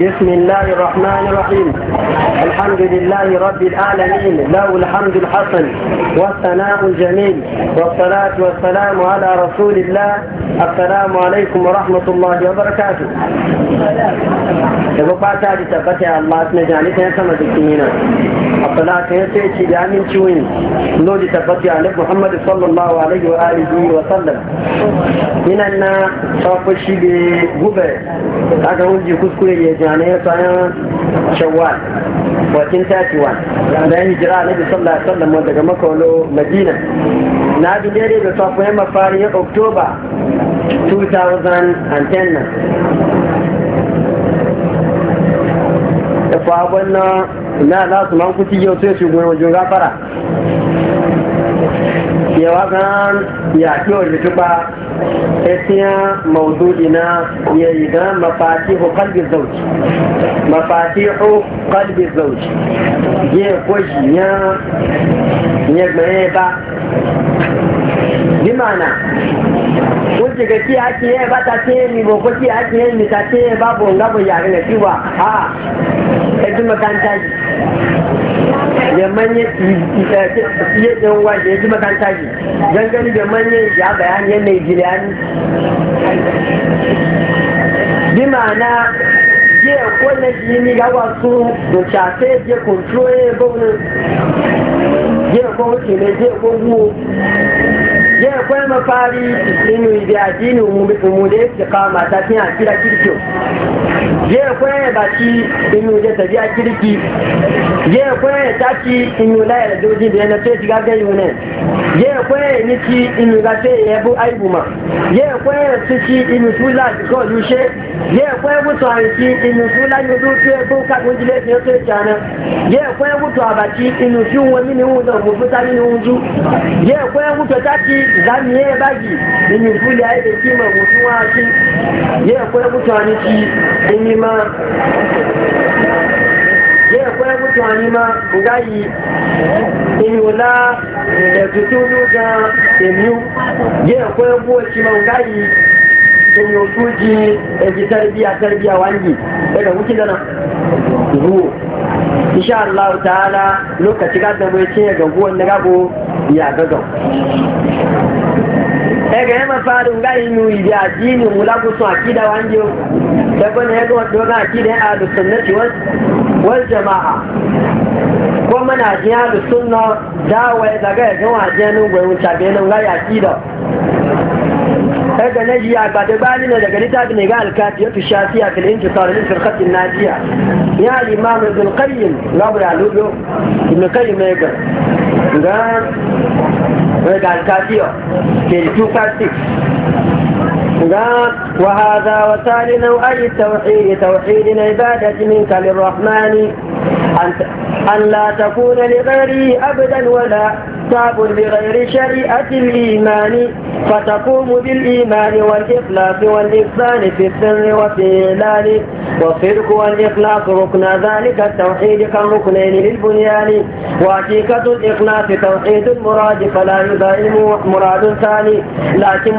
بسم الله الرحمن الرحيم الحمد لله رب العالمين له الحمد الحسن والثناء الجميل والصلاة والسلام على رسول الله السلام عليكم ورحمة الله وبركاته يبقى تعالي تبتع الله جاني تنسمة السمينة الصلاة تنسي جاني شوين نولي تبتع لك محمد صلى الله عليه وآله وسلم من أن توقف الشيء بغبة أكا هنجي كسكري ya jane ya tsayan shawwal 1431 ya hijira na bi sallah sallam daga makolo madina na bi daidai da mafari ya oktoba 2010 da fabon na na su man kuti yau sai shi gwiwa wajen gafara yawa gan ya kiwo lituba etiya maudu'i na ya yi gan mafatihu kalbi zauji mafatihu kalbi zauji ya kwashi ya ya gbaye ba bimana wuce ga ki ake yi ba ta ce ni ba ko ki ake yi ni ta ce babu ngabo yare na ciwa a ɗin makaranta da manyan yadda da ya ji makanta ji gangani da manyan ya bayani yan Najeriya ne. bi ma'ana je ko na ji ni ga wasu da shafe je control ya baunin ko wuce ne ko guwo je akwai mafari inu addini umude ta fi a kira kirki je akwai baki inu je tabi a kirki je akwai taki inu la ya da yana sai shiga ne je akwai niki inu ga sai ya bu aibu ma je akwai suci inu tula ko lushe je akwai inu tula ni du ke bu ka gunjile ne sai kana je akwai buto abaki inu fi wani ne mu mu buta ni mu je akwai buto taki zami ya bagi da ne fuli ya yi da kima mutum wa shi ya akwai mutane ci in ma ya akwai mutane ma gayi in wula da tutulu ga emiyu ya akwai shi ma gayi in yi tuji da e ji tarbiya tarbiya wangi daga e wuce da nan ruwa insha Allah ta'ala lokaci ga da mai ce ga guwan na gabo ya gaga e ga yamma faru ga inu ya dini ku so akida wanjo da ko ya ga do ga akida a da sunnati wal wal jamaa ko mana ji da sunna da wai daga ga wajen gwayo be nan ga akida da na ji ba da bani na daga littafin ne ga alkafi ya fi shafiya fil intisar min najiya ya al-imam ibn qayyim rabu ya lulu ibn qayyim ne ga ga ga ya ke أن لا تكون لغيره أبدا ولا تعب لغير شريعة الإيمان فتقوم بالإيمان والإخلاص والإحسان في السر وفي الإعلان والصدق والإخلاص ركن ذلك التوحيد كالركنين للبنيان وحقيقة الإخلاص توحيد المراد فلا يدائم مراد ثاني لكن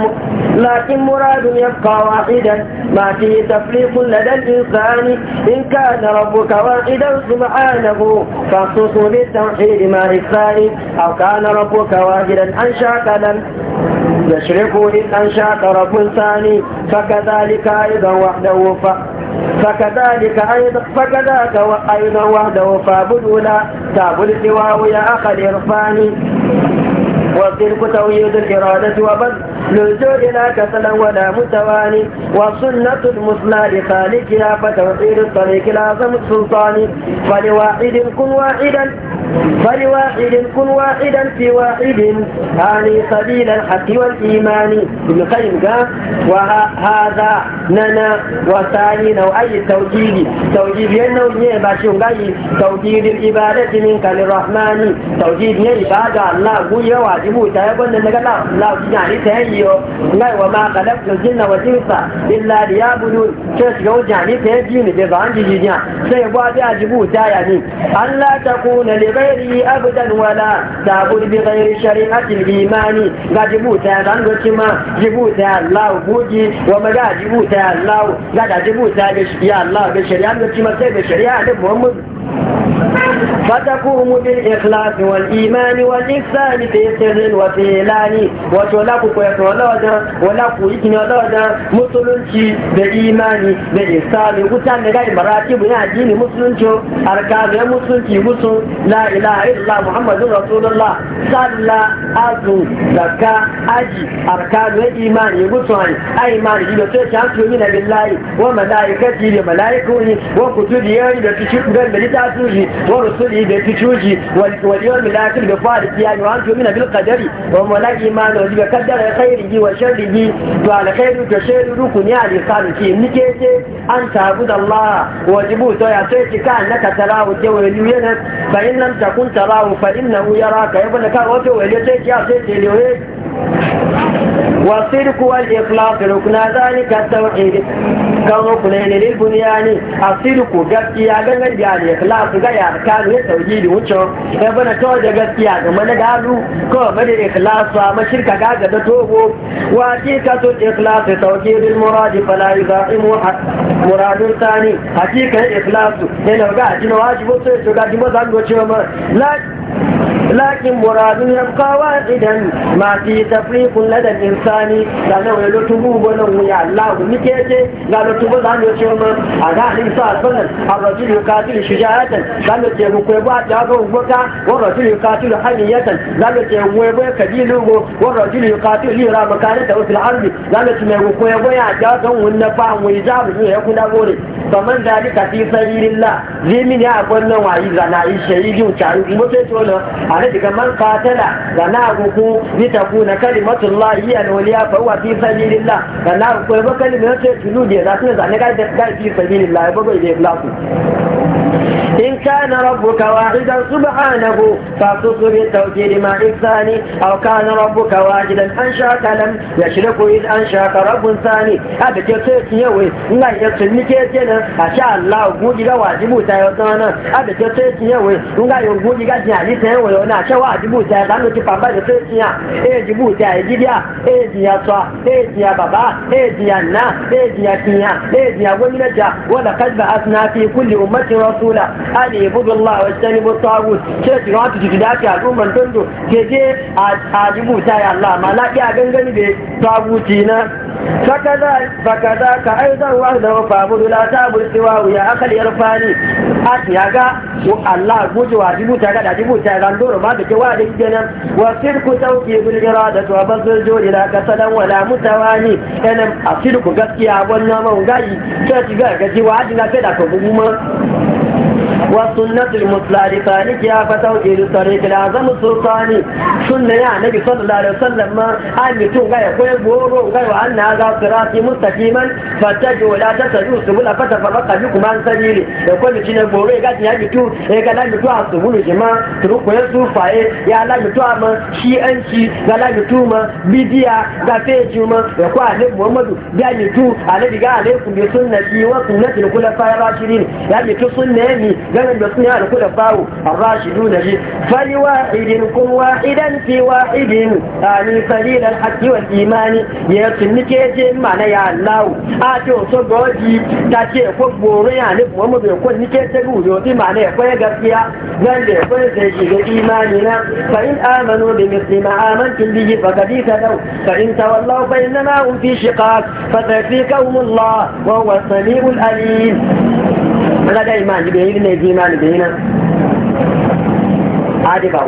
لكن مراد يبقى واحدا ما فيه تفريق لدى الإنسان إن كان ربك واحدا سبحانه فاخصصه بالتوحيد ما إخفائه أو كان ربك واجدا أنشأك لم يشرك إذ أنشأك رب ثاني فكذلك أيضا وحده ف... فكذلك أيضا فكذاك أيضا وحده فاعبده لا تعبد سواه يا أخ الإرفان والشرك توحيد الإرادة وبذل لا كسلا ولا متواني وسنة المثنى لخالقها فتوحيد الطريق لازم السلطان فلواحد كن واحدا فلواحد كن واحدا في واحد هاني سبيل الحق والإيمان ابن القيم قال وهذا ننا وثاني نوعي التوجيه توجيه ينو نيه باشون قال توجيه العبادة منك للرحمن توجيه العبادة الله قوي واجبه تيبون أنك لا الله تجعني تهيو قال وما خلقت الجن والإنس إلا ليعبدون كيف يقول جعني تهيو جيني بيضان جيجي جيجي سيبوا بيعجبوه تايا الله تكون لبعض بغيره أبدا ولا تعبد بغير شريعة الإيمان قد جبوتا غنغ كما جبوتا الله بوجي وما قد جبوتا الله قد جبوتا يا الله بشريعة كما سيد الشريعه محمد فتقوم بالإخلاص والإيمان والإحسان في سر وفي إعلان وتولاك كويت ولودا ولاك إكن ولودا مسلمتي بإيمان بإحسان وكتان لغاية مراتب يا دين مسلمتي أركاب يا مسلم مسلم لا إله إلا الله محمد رسول الله صلى أزو زكاة أجي أركاب يا أركان الإيمان يقصون أيمان يقصون شانس يؤمن بالله وملائكته وملائكته وكتبه يقصون بلتاتوه ورسله بكتوجي واليوم الآخر بفارق يعني وانتم من بالقدر وهم لا إيمان وجب قدر خيره وشره وعلى خير وشر ركن يعني قالوا في نكيت أن تعبد الله وجب تويا تويتي كأنك تراه تولي فإن لم تكن تراه فإنه يراك يا ابن وتولي تويتي يا تويتي والصدق والإخلاص ركن ذلك التوحيد كون كلين للبنيان الصدق جبتي أغنى بيان الإخلاص غيا كانوا يتوجيد وشو يبنى توجه قبتيا غمان قالوا كون من الإخلاص وما شركة قاقة توقو وحقيقة الإخلاص توجيد المراد فلا يضائم يضاعم مراد ثاني حقيقة الإخلاص إنه قاعد إنه واجب وصيته قاعد وشو عنه لا لكن مراد يبقى واحدا ما في تفريق لدى الإنسان لأنه يلتبوب ولو يعلاه مكيته قالوا تبوب عن يشوما أنا الإنسان فلن الرجل يقاتل شجاعة قالوا تيبو كيبوا جابوا وكا والرجل يقاتل حنية قالوا تيبو كيبوا كبيلوه والرجل يقاتل ليرى مكانته في الأرض قالوا تيبو كيبوا جابوا والنفع ويجابوا يكون أبوري فمن ذلك في سبيل الله زي من يعقل نوعي زنائي شهيد وشعيد متشوي na a na shiga man katala da na agugu ni ta kuna kalimatun la yi waliya fa wa fi sabilillah da na agugu ba kalimatu da za su ne zane ga da fi sabilillah ba bai da إن كان ربك واحدا سبحانه فاتصل بالتوكيل مع الثاني أو كان ربك واحدا أنشأك لم يشرك إذ أنشأك رب ثاني أبت كيف يوي لا يصل نكيتنا أشاء الله قولي لا واجب تايوتانا هذا كيف يوي لا يقولي قد يعني تنوي ونا شو واجب سيطانا لأنه تفهم بأي يا إيه جبوت يا إجيبيا إيه يا صا إيه يا بابا إيه يا نا إيه يا كيا إيه يا ومنجا ولقد بأثنا في كل أمة رسولا Ali yi bugun Allah wa sani bu tawu ce ki da ki dace al'umman dondo ke je a ta ya Allah ma na iya gangani da ti na fakaza ka aizan wahda fa bu la tabu siwa ya akal rafani a ya ga Allah guje wa ta ga da ta ga doro ma da ke wa da gidan wa sirku tauki bil irada wa bazul jodi la kasadan wala mutawani kana ku gaskiya wannan mun gayi ce ki ga gaji wa da ka da ko gumuma والسنة المثلى لخالق يا فتوحيد الطريق العظم السلطاني سنة يا نبي صلى الله عليه وسلم ما أن يتوقع يقول بورو وورو غير أن هذا الصراط مستقيما فتجوا لا تسجوا سبولا فتفرق بكم عن سبيلي يقول شنو بورو يقول يجي تو يقعد لم يتوب السبل جماعة تروقوا يسوفا يا لا يتوقع ما ga أنشي tuma bidiya ga feji ma ya kwa ne muhammadu ya mi tu alaihi ga alaikum bi sunnati wa sunnati al khulafa ar rashidin ganin da suna da kuda bawo الراشدون به فلواحد كن واحدا في واحد يعني قليل الحق والإيمان يسمي كيتين معنى يا الله آتو صدوجي تاتي فقبور يعني ومد يكون نكيتين ويوتي معنى يكون يغفيا من يكون سيجي إيماننا فإن آمنوا بمثل ما آمنتم به فقد اهتدوا فإن تولوا فإنما هم في شقاق فسيكفيكهم الله وهو السميع الأليم wala da imani da yi ne imani yi nan aji ba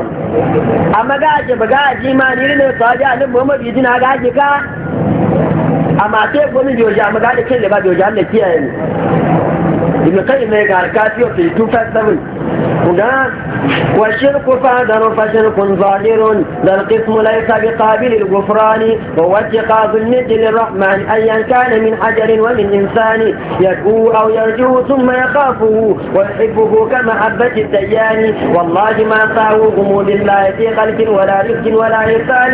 amma ga aji ba ga aji ma ni ne to aji annabi Muhammad yi jina ga aji ka amma sai gomi biyoji amma ga da kin da ba biyoji Allah kiyaye ni ibn qayyim ne ga alkafiyo fi وقال والشرك فادر فشرك ظاهر ذا القسم ليس بقابل الغفران وهو اتخاذ الند للرحمن أيا كان من حجر ومن إنسان يدعو أو يرجو ثم يخافه ويحبه كمحبة الديان والله ما ساووهم بالله في خلف ولا رزق ولا لسان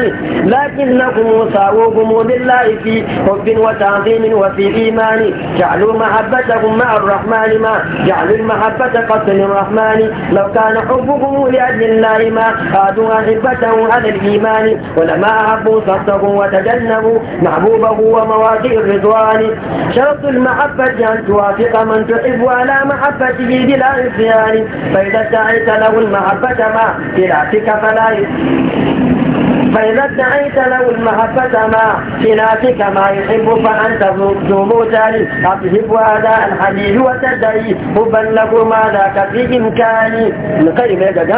لكنهم ساووهم بالله في حب وتعظيم وفي إيمان جعلوا محبتهم مع الرحمن ما جعلوا المحبة قصر الرحمن لو كان حبكم لأجل الله ما خادوا أحبته على الإيمان ولما أحبوا صدقوا وتجنبوا محبوبه ومواقع الرضوان شرط المحبة أن توافق من تحب على محبته بلا عصيان فإذا استعيت له المحبة ما بلعتك فلا فإذا ادعيت له المحبة ما في نافك ما يحب فأنت ذو موتان أتهب هذا الحديث وتدعي حبا ما ذاك في إمكاني الكلمة يقول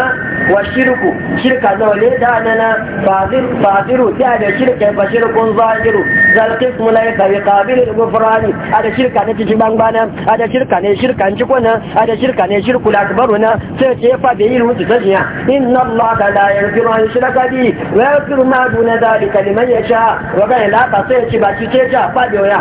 والشرك شركة ذولي داننا فاضر فاضر تعالى شرك فشرك ظاهر ذا القسم ليس بقابل الغفران هذا شرك شركة جبان بانا هذا شرك شركة نشركة نشكونا هذا شرك شركة شرك الأكبرنا سيتيفا بيه المتسجن إن الله لا يغفر أن يشرك به يغفر ما دون ذلك لمن يشاء وكان لا قصير شبا تشيجا فاديو يا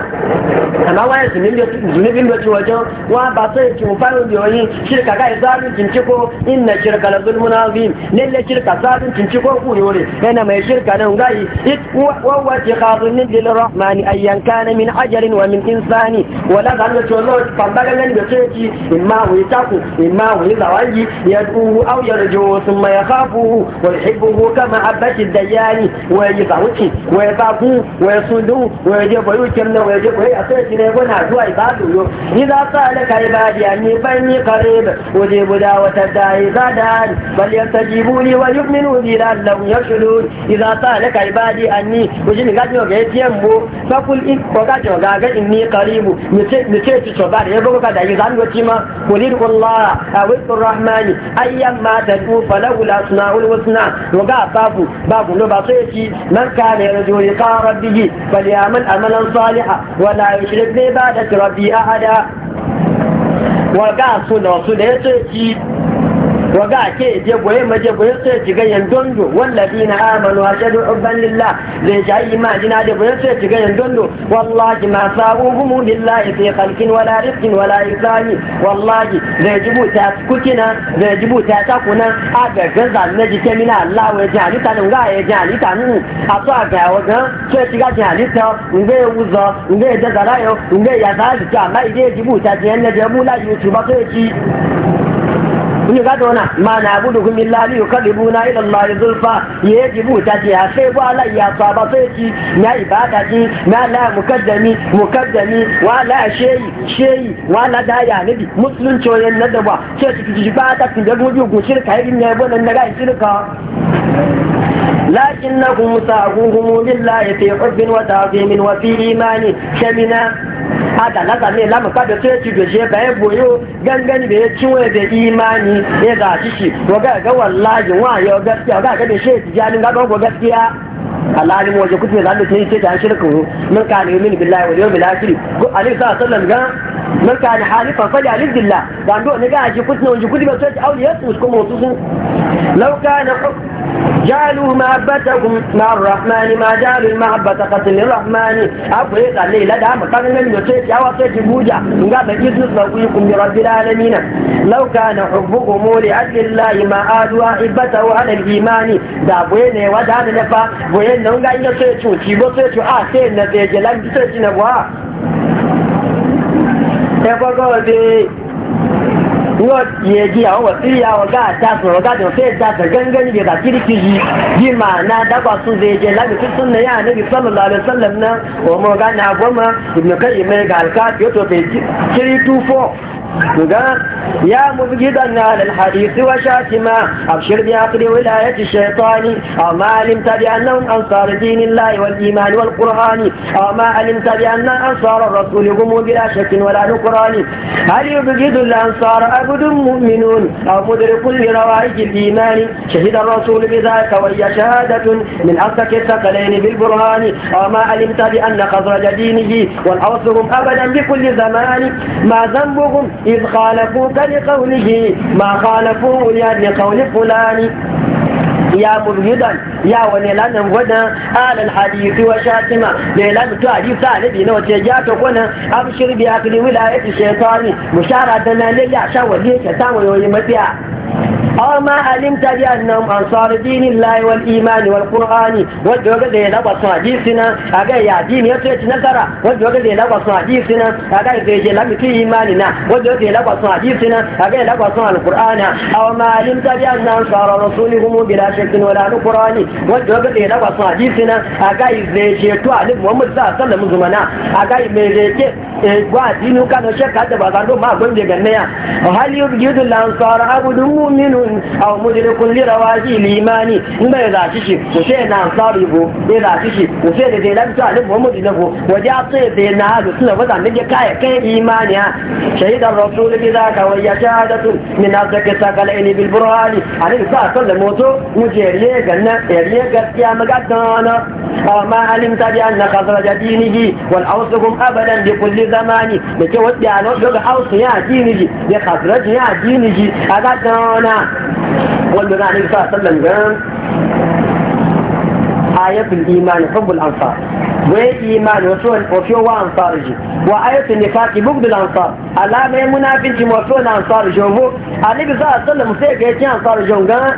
أما وانا سنين بيو زنين بيو تشواجون وانا قصير شمفايو بيوين شركة كاي زارين تنشكو إن شركة لظلم نظيم نيلي شركة زارين تنشكو كوريوري إنما شركة نغاي وهو اتخاذ من للرحمن أيا كان من عجل ومن إنساني ولا غنو شوالوش فانبقى لن بيو إما هو يتاكو إما هو يزواجي يدعوه أو يرجوه ثم يخافوه ويحبوه كما عبت الدياء jari wai ji zawuci wai babu wai sundu wai je bayu kemna wai je bayu asai shi ne gona zuwa ibadu yo ni za ta alaka ibadi ni ban ni qarib wuje buda wata dai zadan bal yantajibu li wa yu'minu bi la'allahum yashudun idza ta alaka ibadi anni wuje ni gaji ga yetiyan bo fakul in ko gaji ga ga inni qaribu ni ce ni ce ci to ba da yabo ka da yi zan goci ma kulil wallahi awidur rahmani ayyamma tadu falahu al-asma'ul husna wa ga babu babu بسيطي من كان يرجو لقاء ربه فليعمل عملا صالحا ولا يشرك بعبادة ربي أحدا الله عليه وسلم waga ke je goye maje goye sai ci yan dondo wallafi na amanu a shaɗu ubban lillah zai sha imani na da goye sai ci yan dondo wallahi ma sabu gumu lillahi fi khalqin wala rizqin wala isani wallahi zai jibu ta kukina zai jibu ta takuna a ga gaza na jike mina Allah wa ji halita nan ga ya ji halita nan a to a ga sai ci ga ji halita nge uzo nge da zarayo nge ya za ji ta mai je jibu ta ji yan na jamu la su ba sai ci ni ga dona ma na budu kun billahi yukadibuna ila allah zulfa yajibu ta ya sai ba la ya ba sai ki na ibada ji na la mukaddami mukaddami wa la shei shei wa la ya nabi musulunci wayan nadaba ce ki ji ba ta kin da gudu gushir kai ne bonan ga shirka لكنهم ساقوهم لله في حب وتعظيم وفي إيمان شمنا haka na zane lamu kada sai ci gaje ba ya boyo gangan da ya ciwo da imani ya zaci shi to ga ga wallahi wa ya gaskiya ga ga da shi tijani ga ga gaskiya al'alim waje kuke za mu tayi ta shirka ko mun ka ne min billahi wal yawmil akhir ko ali sa sallam ga mun ka ne halifan fa ali billah dan do ne ga ji kutne waje kudi ba sai auliya su ko mutusun law kana جعلوا محبتكم مع الرحمن ما جعلوا المحبة قتل الرحمن أبو إيه قال لي لا دعم كان من يسيتي أو سيتي بوجع نقاب إذن نقويكم برب العالمين لو كان حبكم لأجل الله ما آدوا أحبته على الإيمان دا بوين ودعنا نفا بوين نونغا إنا سيتو تيبو سيتو آه سيتنا سيتنا سيتنا سيتنا سيتنا سيتنا wọ́n yẹ di àwọn wọ̀sírí àwọn ọ̀gá àtàkùn ọ̀gá àdùn fẹ́ ìtàkùn gángan níbi ìgbà kiri kiri yìí máa ná dágbà tún lè jẹ lábẹ́ tó tún náà níbi sọ́lọ̀lọ́ alẹ́ sọ́lọ̀m náà ọmọ ọ̀gá náà gbọ́mọ ìgbìmọ̀kẹ́ yìí mẹ́rin gàlùkà tí ó tó fẹ́ kiri tú fọ́ يا مبجدا على الحديث وشاتما أبشر بعقل ولاية الشيطان أو ما علمت بأنهم أنصار دين الله والإيمان والقرآن أو ما علمت بأن أنصار الرسول هم بلا شك ولا نكران هل يبجد الأنصار ابد مؤمنون أو مدرك لروائج الإيمان شهد الرسول بذلك وهي شهادة من أصدق الثقلين بالبرهان أو ما علمت بأن خزرج دينه والأوس هم أبدا بكل زمان ما ذنبهم إذ خالفوك لقوله ما خالفوه يعني لقول فلان ya murhidan ya wani lanin gwadon alal hadisi wa shatima da ya mutu hadisa a nabi na wace ya ta kwana abshir bi akli wilayati shaytani mushara da na ya sha aw ma alimta bi annahum ansar dinillahi wal imani wal qur'ani wanda yaga da ya laba su hadisina aga ya dini ya tsaye nasara wanda yaga da ya laba su hadisina aga da ya laba su imanina wanda yaga da ya laba su hadisina aga ya laba su alqur'ana aw ma alimta bi annahum sara rasulihum bila shakkin da ya mai dinu kana shakka da ba zan ma ya lansara mu'minu mujrimun aw mujrikun li rawaji limani in bai za shi shi ko sai na ansari go bai za shi shi ko sai da dai lafi ta alifu muhammadu na go waje a sai bai na halu suna fata ne kai kai imani ha shahidan rasul bi zaka wa yashadatu min azaka sakalaini bil burhani alin sa sallamo to mujeriye ganna eriye gaskiya magadana amma alimta bi anna khazraja dinihi wal awsukum abadan bi kulli zamani da ke wadda a nan daga da khazraja ya a gadana wanda na sa sallam gan ayatul imani hubbul ansar wai imani wato wato wa ansar ji wa ayatul nifaqi bughdul ansar alama munafiqi wato na ansar jovo sa sallam sai ga yakin ansar gan.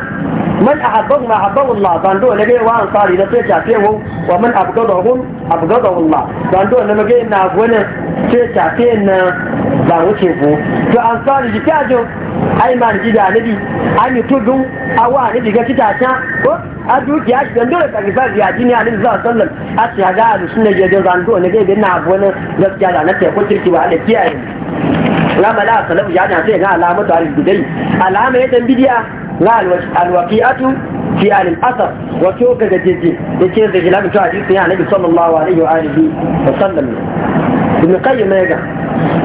man ahabbahum ahabbahu Allah ban do ne wa ansari da sai ta tewo wa man abgadahum abgadahu Allah ban do ne mage na gwanin sai ta na ba wuce ko to ansari ji tajo ai man ji da nabi an yi tudun awa ne diga kitata ko a dukiya shi dan dole kan sai ya jini alin za sallam a ci ga alu sunne je da ban do ne ga na gwanin gaskiya da na ce ko kirki ba da kiyaye lamala salamu ya na sai ga alamatu al-bidai alama ya dan bidiya na alwaƙi'atu fi alil asar wato ga gajeje da ke zai gila mutu a jisun ya nabi sallallahu alaihi wa alihi wa sallam ibn qayyim ya ga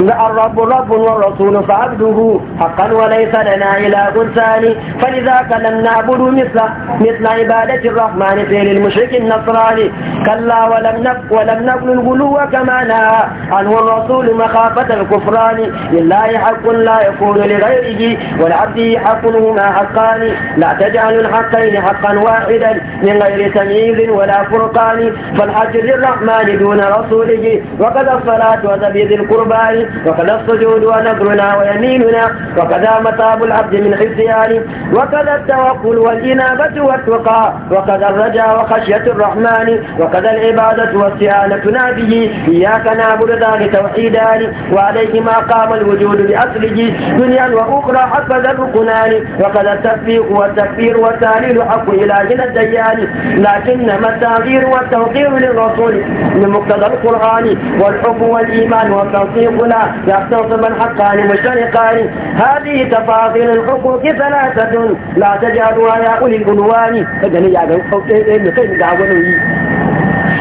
الرب رب والرسول فعبده حقا وليس لنا إله ثاني فلذاك لم نعبد مثل مثل عبادة الرحمن في المشرك النصراني كلا ولم نف ولم نقل الغلو كما نهى عنه الرسول مخافة الكفران لله حق لا يكون لغيره والعبد حق هما حقان لا تجعل الحقين حقا واحدا من غير تمييز ولا فرقان فالحج للرحمن دون رسوله وقد الصلاة وذبي ذي القربى السؤال وكذا السجود ونذرنا ويميننا وكذا مطاب العبد من حفظ أهله وكذا التوكل والإنابة والتقى وكذا الرجاء وخشية الرحمن وكذا العبادة واستعانتنا به إياك نعبد ذلك توحيدان وعليه ما قام الوجود بأصله دنيا وأخرى حسب الركنان وكذا التصديق والتكبير والتهليل حق إلهنا الديان لكنما التغيير والتوقير للرسول من مقتضى القرآن والحب والإيمان والتوصيل فلان يختص من حقان مشترقان هذه تفاصيل الحقوق ثلاثة لا تجعلها يا أولي العنوان فجني يا دو فوقي إيه كي نقعد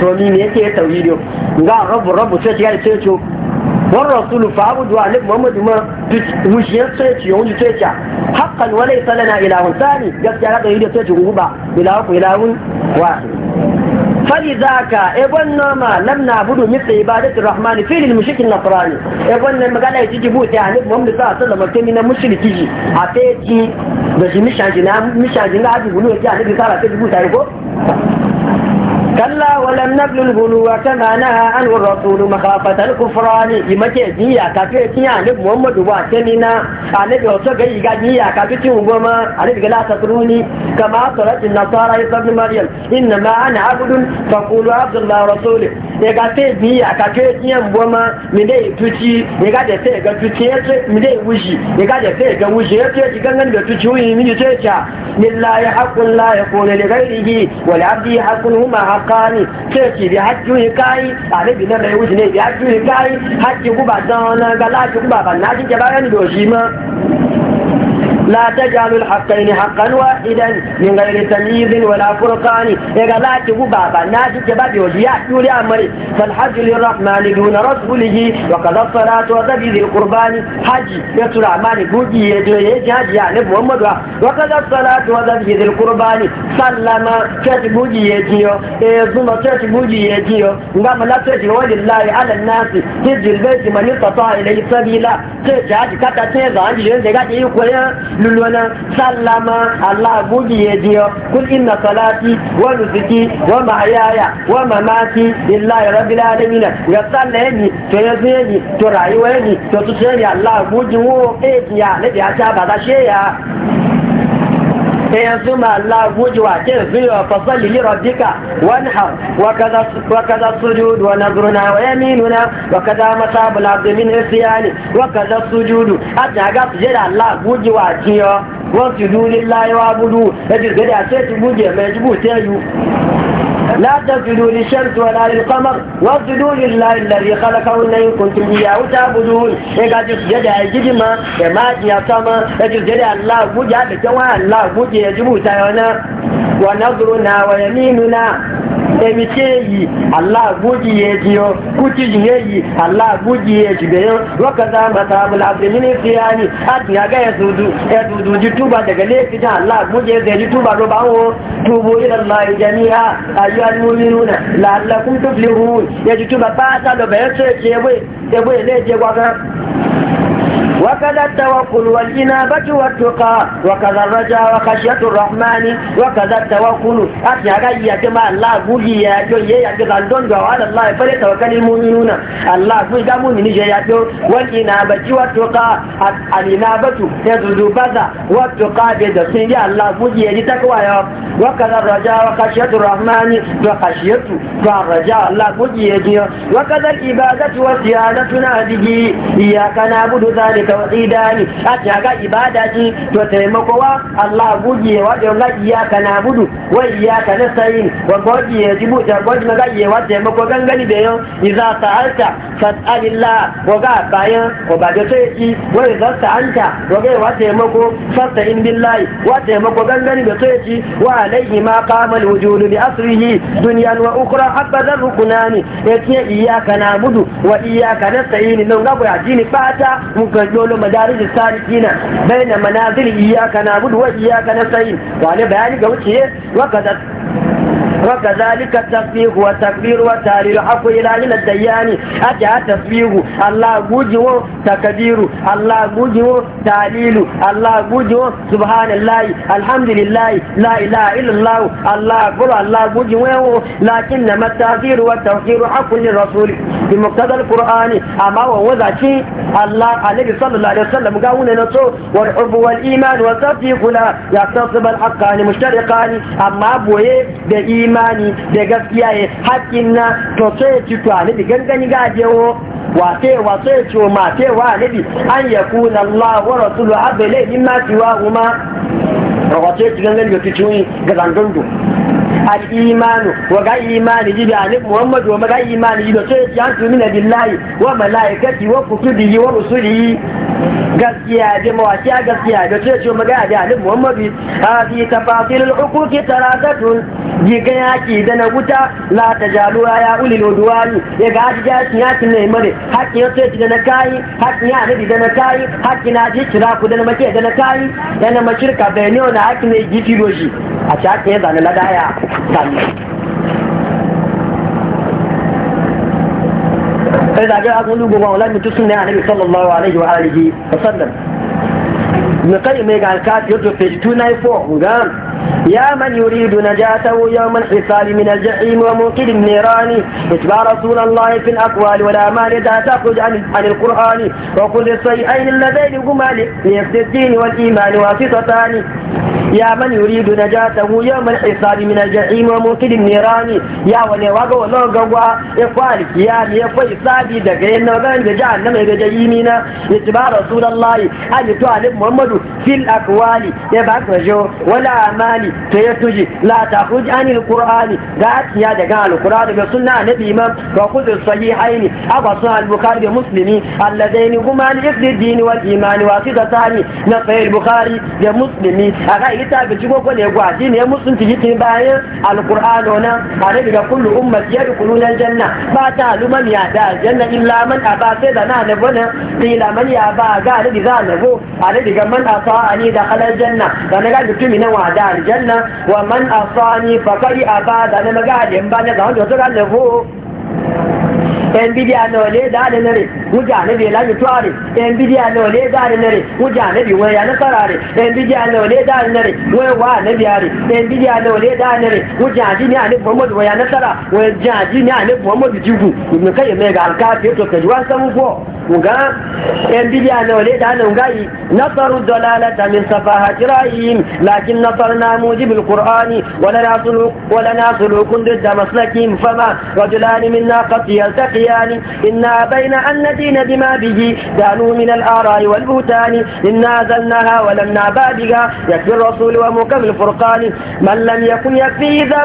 ومين يكي تويدو نقع رب رب تشي يا تشي والرسول فعبد وعلم محمد ما مشيان تشي يونج تشي حقا وليس لنا إله ثاني يكي على تويدو تشي وغبا إله إله واحد فلذاك ابن نوما لم نعبد مثل عبادة الرحمن في المشرك النصراني ابن نوما قال يتجي بوتي عن ابن محمد صلى الله عليه وسلم كمين مشرك يجي عتيجي بس مش عجنا مش عجنا عجي بلوه جاء نبي صلى الله عليه وسلم kalla walam nablul hulu wa ta mana ha an wurra sunu mahafatar kufura ne yi mace jiya ta fiye jiya ne muhammadu ba ce nina a nabi wato ga yi ga jiya ka fi cin hugo ma a nabi gada ta turuni ga ma sauratin nasara ya sabu mariyar inna ma a na abudun ta kulu abdullawar rasuli ne ga ta yi jiya ka fiye jiya hugo ma mide yi tuci ne ga da ta yi ga tuci ya ce mide yi wuji ne ga da ta yi ga wuji makani sai ki bi hajju hikai alabi na mai wuce ne bi hajju hikai hajji guba don na galaji guba ban na ji ke bayan doshi ma لا تجعل الحقين حقا واحدا من غير تمييز ولا فرقان إذا لا تبوبا فالناس تبابي وجياء يولي أمري فالحج للرحمن دون رسوله وقد الصلاة وذبي ذي القربان حج يسر أعمال بوجي يجي حج يعني محمد وقد الصلاة وذبي ذي القربان سلم تشي بوجي يجي إيه، ثم تشي بوجي يجي وقام نعم، لا تشي ولله على الناس تجل بيت من استطاع إليه سبيلا تشي حج كتا تشي زانجي يجي يجي يجي lulwana sallama Allah guji ya jiyo kul inna salati wa nusuki wa mahayaya wa mamati lillahi rabbil alamin ya sallaye ni to ya zuye ni to rayuwa ni to tusaye ni Allah guji wo e ya ne da ta ba she ya. yanzu ma Allah gujewa ce zuwa fasali yi rabbika wanha wa kaza wa kaza sujud wa nazruna wa yaminuna wa kaza masabul abdi min isyani wa kaza sujud hatta ga da Allah gujewa ce wa sujudillahi wa budu da jirgada ce tu guje mai jibu sai yu لا تسجدوا للشمس ولا للقمر واسجدوا لله الذي خلقهن إن كنتم إياه تعبدون إذا تسجد الجدما كما يسمى تسجد الله بوجه بكوا الله بوجه يجب تيونا ونظرنا ويميننا emice Allah guji ya jiyo kuci jiye yi Allah guji ya jibe yau waka za ma ta abu lafi mini fiyani a ti ya dudu ya dudu ji tuba daga lefi ta Allah guji ya zai ji roba wo tubu ila Allah jami'a ayi ayyuhal mu'minuna la'allakum tuflihun ya ji tuba ba ta da bayan sai ce bai da bai ne je gwa وكذا التوكل والإنابة والتقى وكذا الرجاء وخشية الرحمن وكذا التوكل أتي يا جماعة الله بوجي يا جو يا جماعة دون على الله فليتوكل المؤمنون الله بوجي دا من يا جو والإنابة والتقى الإنابة يزدو بذا والتقى بيد يا الله بوجي يا تقوى يا وكذا الرجاء وخشية الرحمن وخشية فالرجاء الله بوجي يا وكذا الإبادة وسيادة هذه إياك نعبد ذلك tawhida ni a ci ibada ji to taimakowa Allah guje wa da ga iyaka kana budu wa iyaka kana sayin wa gwaji ya jibu da gwaji na gajiye wa taimako gangani da yau iza sa'alta fas'alillah wa ga bayan wa ba da sai ki wa iza sa'alta wa ga wa taimako fasta in billahi wa taimako gangani da sai ki wa alaihi ma qama al-wujudu bi asrihi dunyan wa ukhra habba rukunani yake iya kana budu wa iya na sayin nan ga ba ni fata mun ga dole madarij bai baina manazil na budu wa iyaka na sayi ne bayani ga wuce wa kaza وكذلك التصفيق والتكبير والتعليل الحق إلى من الديان أتى تصفيق الله جوجو تكبير الله جوجو تعليل الله جوجو سبحان الله الحمد لله لا إله إلا الله الله أكبر الله جوجو لكنما التأثير والتوفير حق للرسول بمقتضى القرآن أما ووضع شيء الله النبي صلى الله عليه وسلم قاونا نصو والحب والإيمان والتصديق لا يقتصب الحقان مشترقان أما بويه بإيمان imani da gaskiya ya haƙƙin na to sai ci to anabi gangani gajewo wace wace ya ciwo ce wa alibi an ya kuna Allah wa rasulu abele in ma tiwa huma wato ci gangani ga tuciwi ga zangundu al-imanu wa ga imani ji da annabi Muhammad wa ga imani ji da sai ya su billahi wa malaikati wa kutubihi wa rusulihi gaskiya da mawakiya gaskiya da sai ce magana da annabi Muhammad hadi tafasil al-huquqi taradatun jikin yaki da na wuta la tajalu ya ulil udwani ya ga ji ya tinya kin ne mare haƙi ya sai da na kai haƙi ya nabi da na kai haƙi na ji kira ku da na make da na kayi? da na mashirka bayani haƙi na yi gifi doshi a cikin zane ladaya sannan sai da ga azu lugu wa lan mutu sunna annabi sallallahu alaihi wa alihi wa sallam ibn qayyim ga alkat يا من يريد نجاته يوم الحصال من الجحيم ومنقذ النيران اتبع رسول الله في الاقوال والاعمال اذا تخرج عن عن القران وقل للصيئين اللذين هما لنفس الدين والايمان واسطتان يا من يريد نجاته يوم الحصار من الجحيم وموكد النيران يا ولي وقا والله قوا إخوانك يا لي إخواني صابي دقين وقان جهنم يجيمينا يتبع رسول الله أن تعلم محمد في الأقوال يبعك رجو ولا أمالي تيتجي لا تخرج عن القرآن قالت يا دقاء القرآن بسنة نبي إمام وخذ الصحيحين أبا صنع البخاري ومسلمي اللذين هما لإخذ الدين والإيمان واسطتان نصير البخاري ومسلمي أغاية littafi ci gogo ne gwa dini ya ci yi bayan alkur'ano na a daga kullu ummati ya rukunu na janna ba ta luman ya da janna illa man a ba sai da na na bana ila man ya ba ga da za na go a daga man a sa ani da halar janna da na ga mutumi na wa da janna wa man a sa ni fakari a ba da na ga da ba na ga wanda su ga na go en bidiya no le da da na wuja na bai lami tuwari yan bidiya na wale gari nare wuja na bi waya na farare yan bidiya na wale gari nare waya wa na biyare yan bidiya na wale gari nare wuja ji ne a ne muhammadu waya na tara wuja ji ne a ne muhammadu jigu mun kai mai ga alkafi to kaji wasan ko ga yan bidiya na wale da nan gayi nasaru dalalata min safahati ra'yihim lakin nasarna mujibul qur'ani wala nasulu wala nasulu kun da maslakin fama rajulani minna qad yaltaqiyan inna bayna an متمسكين بما به كانوا من الآراء والبهتان إنا زلناها ولم نعبا بها يكفي الرسول ومكمل الفرقان من لم يكن يكفيه ذا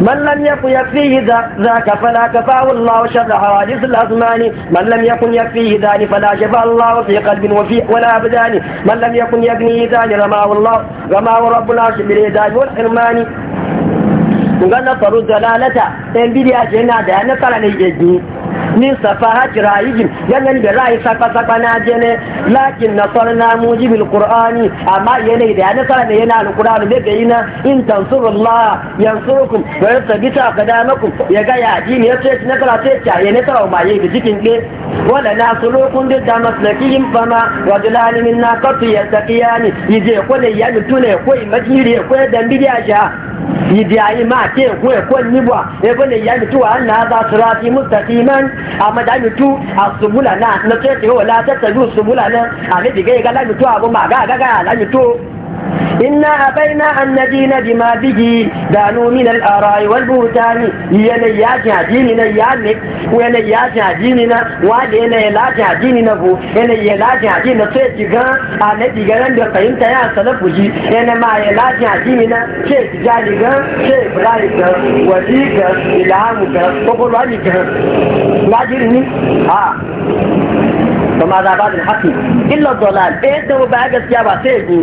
من لم يكن يكفيه ذاك فلا كفاه الله شر حوادث الأزمان من لم يكن يكفيه ذاك فلا شفى الله في قلب وفي ولا أبدان من لم يكن يبنيه ذاك رماه الله رماه رب العرش بالإيداج والحرمان قال نصروا الدلالة إن بدي أجينا ده نصر عليه min safahati ra'ayin yanayin da ra'ayi safa-safa na je ne lakin nasarna mujibil qur'ani amma yana da ya nasara da yana alqur'ani da ga yana in tansurullah yansurukum wa yasbita qadamakum ya ga ya ne ya ce na kala ce ya yana tarawa ma yayi da cikin ke wala nasulukun bi damaslakihim fama rajulan min na yastaqiyani yije ko ne ya mutune ko imajiri ko dan bidiya sha yi ayi ma ke ko ko ni ba e bane ya mutuwa na za surati mustaqiman amma da a subula na na ce ke wala ta tabi subula na a ne diga ga lamito abu ma ga ga ga la إنا أبينا أن ندين بما به دانو من الآراء والبهتان هي ينياجع ديننا يانك وينياجع ديننا وعلينا يلاجع ديننا بو ينياجع ديننا تيجيغان أنا ديغان بقيم تيا سلف سلفجي إنما يلاجع ديننا تيجيغان تيبرايغان وليغان إلهامغان وقرانيغان لا جيرني ها آه. فماذا بعد الحكي إلا الضلال إيه ده وبقى جسيا بسيجي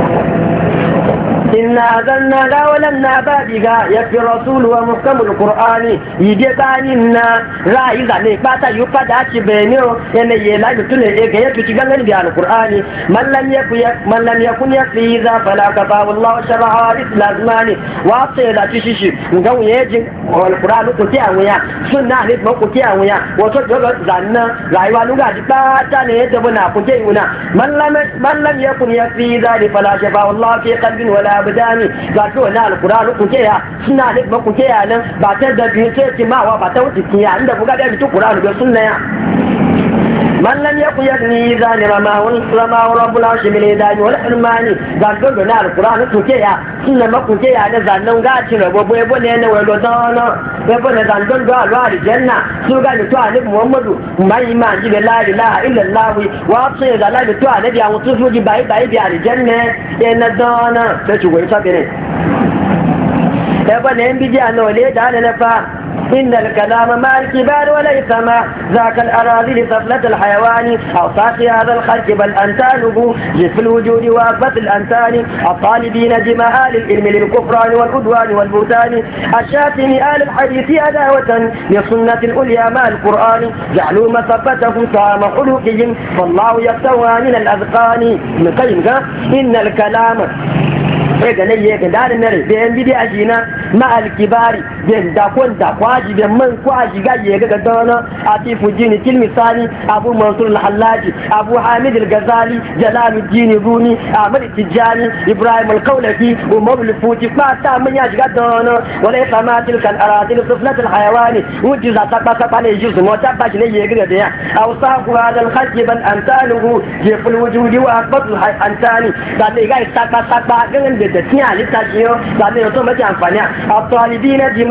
إنا أذلنا لا ولنا بابقا يكفي الرسول ومحكم القرآن يدي بانينا لا إذا نكباتا أشي تبينيو يعني يلا يتوني إيجا يتوشي غنغن بيان القرآن من لم يكن من لم يكن يكفي إذا فلا كفاه الله شرع إسلا زمان واسي لا تشيشي نغو يجي والقرآن كتي ويا سنة نت مو ويا أويا وتوجه زنة لا يوالوغا تباتا نيجي بنا كتي أويا من لم يكن يكفي إذا فلا شفاه الله في قلب ولا abdani ga to na alquran ku suna ne ba ku ke nan ba ta da biyu sai ki ma wa ba ta wuce ki ya inda ku ga da bitu qur'ani da sunna ya من لم يكن يدني إذا رماه رماه رب العرش بالإيداج والحرمان ذاك دون القرآن تكيا إنما كتيا نزال نغاتي ربو يبون ينا ويلودانا يبون يزال دون دعا الوالي جنة سوغا نتوى نبي محمد ما يمان جيب لا إله إلا الله وابصي إذا لا نتوى نبي عن وطفو جباي باي بيع الجنة ينا دانا تشوي سابيني يبون ينبي جانا وليد على نفا إن الكلام مع الكبار وليس مع ذاك الأراضي لطفلة الحيوان أو ساقي هذا الخلق بل أنتانه جف الوجود وأثبت الأنتان الطالبين جماع آل العلم للكفران والعدوان والبهتان الشاتم آل الحديث أداوة لسنة الأولياء مع القرآن جعلوا مثبتهم طعام حلوقهم فالله يفتوها من الأذقان نقيم إن الكلام ga nan ya ga dalin na rufe مع الكبار da kon da kwaji da man kwaji ga ya ga dana atifu jini misali abu mansur al-hallaji abu hamid al-ghazali gazali jalaluddin runi ahmad tijani ibrahim al-kaulafi umar al-futi ba ta man ya ga dana wala yasama tilka al-aradil suflat al hayawani wuji za ta ba ta ba ne yuzu mota ba shi ne ya ga da ya awsa qur'an al-khajib al-amtaluhu fi al-wujudi wa akbat al-antani hay da ne ga ta ba ta ba ganin da tiya litajiyo da ne to ma mace amfani a talibina jima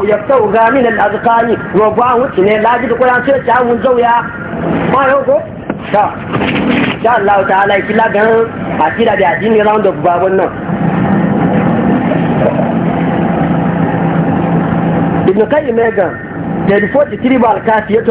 wallahu yaftau ga min wa ba ne laji da koyan sai ta mun zauya ba yau ko ta insha Allah kila akida da addini round of babun nan ibn kayyim ga تدفوت تريب الكافية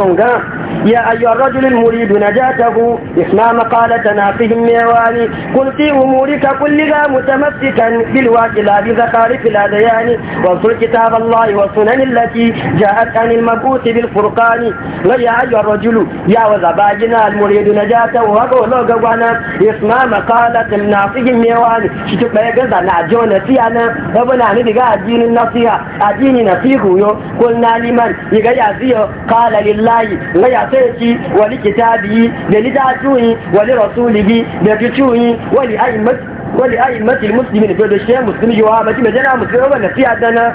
يا أيها الرجل المريد نجاته اسمع مقالتنا في الميوان قل في أمورك كلها متمسكا بالواجب في الأديان وانصر كتاب الله والسنن التي جاءت عن المبعوث بالفرقان ويا أيها الرجل يا وزباجنا المريد نجاته وقو لغوانا اسمع مقالتنا في الميوان شتوك بيقظة نعجون فينا ربنا ندقى الدين النصيحة الدين نصيحه قلنا لمن iga ya ziyo qala lillahi la ya sayyi wa li kitabihi da li datuhi wa li rasulihi da tutuhi wa li aimat wa li aimat almuslimin fa da shi muslimi wa ma ji majana muslimi wa nasiya dana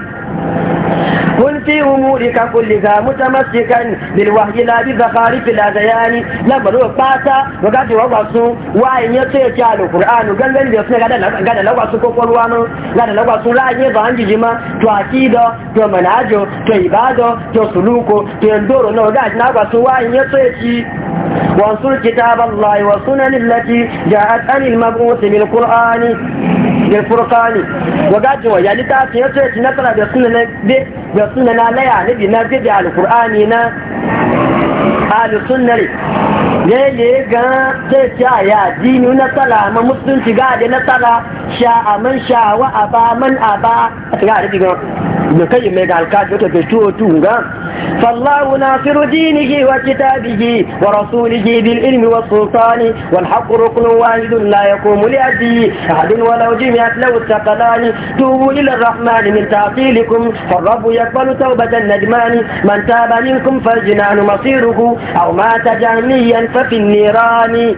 كن في أمورك كلها متمسكا بالوحي لا بزخارف الأذيان لما لو باتا وقد وقصوا وإن يتيجى القرآن قلن بيسنا قد لوقصوا كفروانو قد لوقصوا لا يضعن جيما تعكيدا تمناجو تعبادا تسلوكو تندورو نو قد لوقصوا وإن يتيجى وانصر كتاب الله وسنن التي جاءت عن المبعوث بالقرآن da furkani wagaji wa yali ta ce yace ci nasara da suna na be da sunna na laya nabi na bi da alqur'ani na ahli sunna ne le ga ce ya dini na sala ma musulunci ga da na sala sha'a man sha'a wa aba man aba a tsaka da diga ibn kayyim mai ga alkaji wata ke tuwo tunga fallahu nasiru dinihi wa kitabihi wa rasulihi bil ilmi wa sultani wal haqqu ruknun wahidun la yaqumu li abdihi ahadun wa law jami'at law taqalani tubu ila arrahmani min ta'tilikum فالرب يقبل توبة الندمان من تاب منكم فالجنان مصيره أو مات جهميا ففي النيران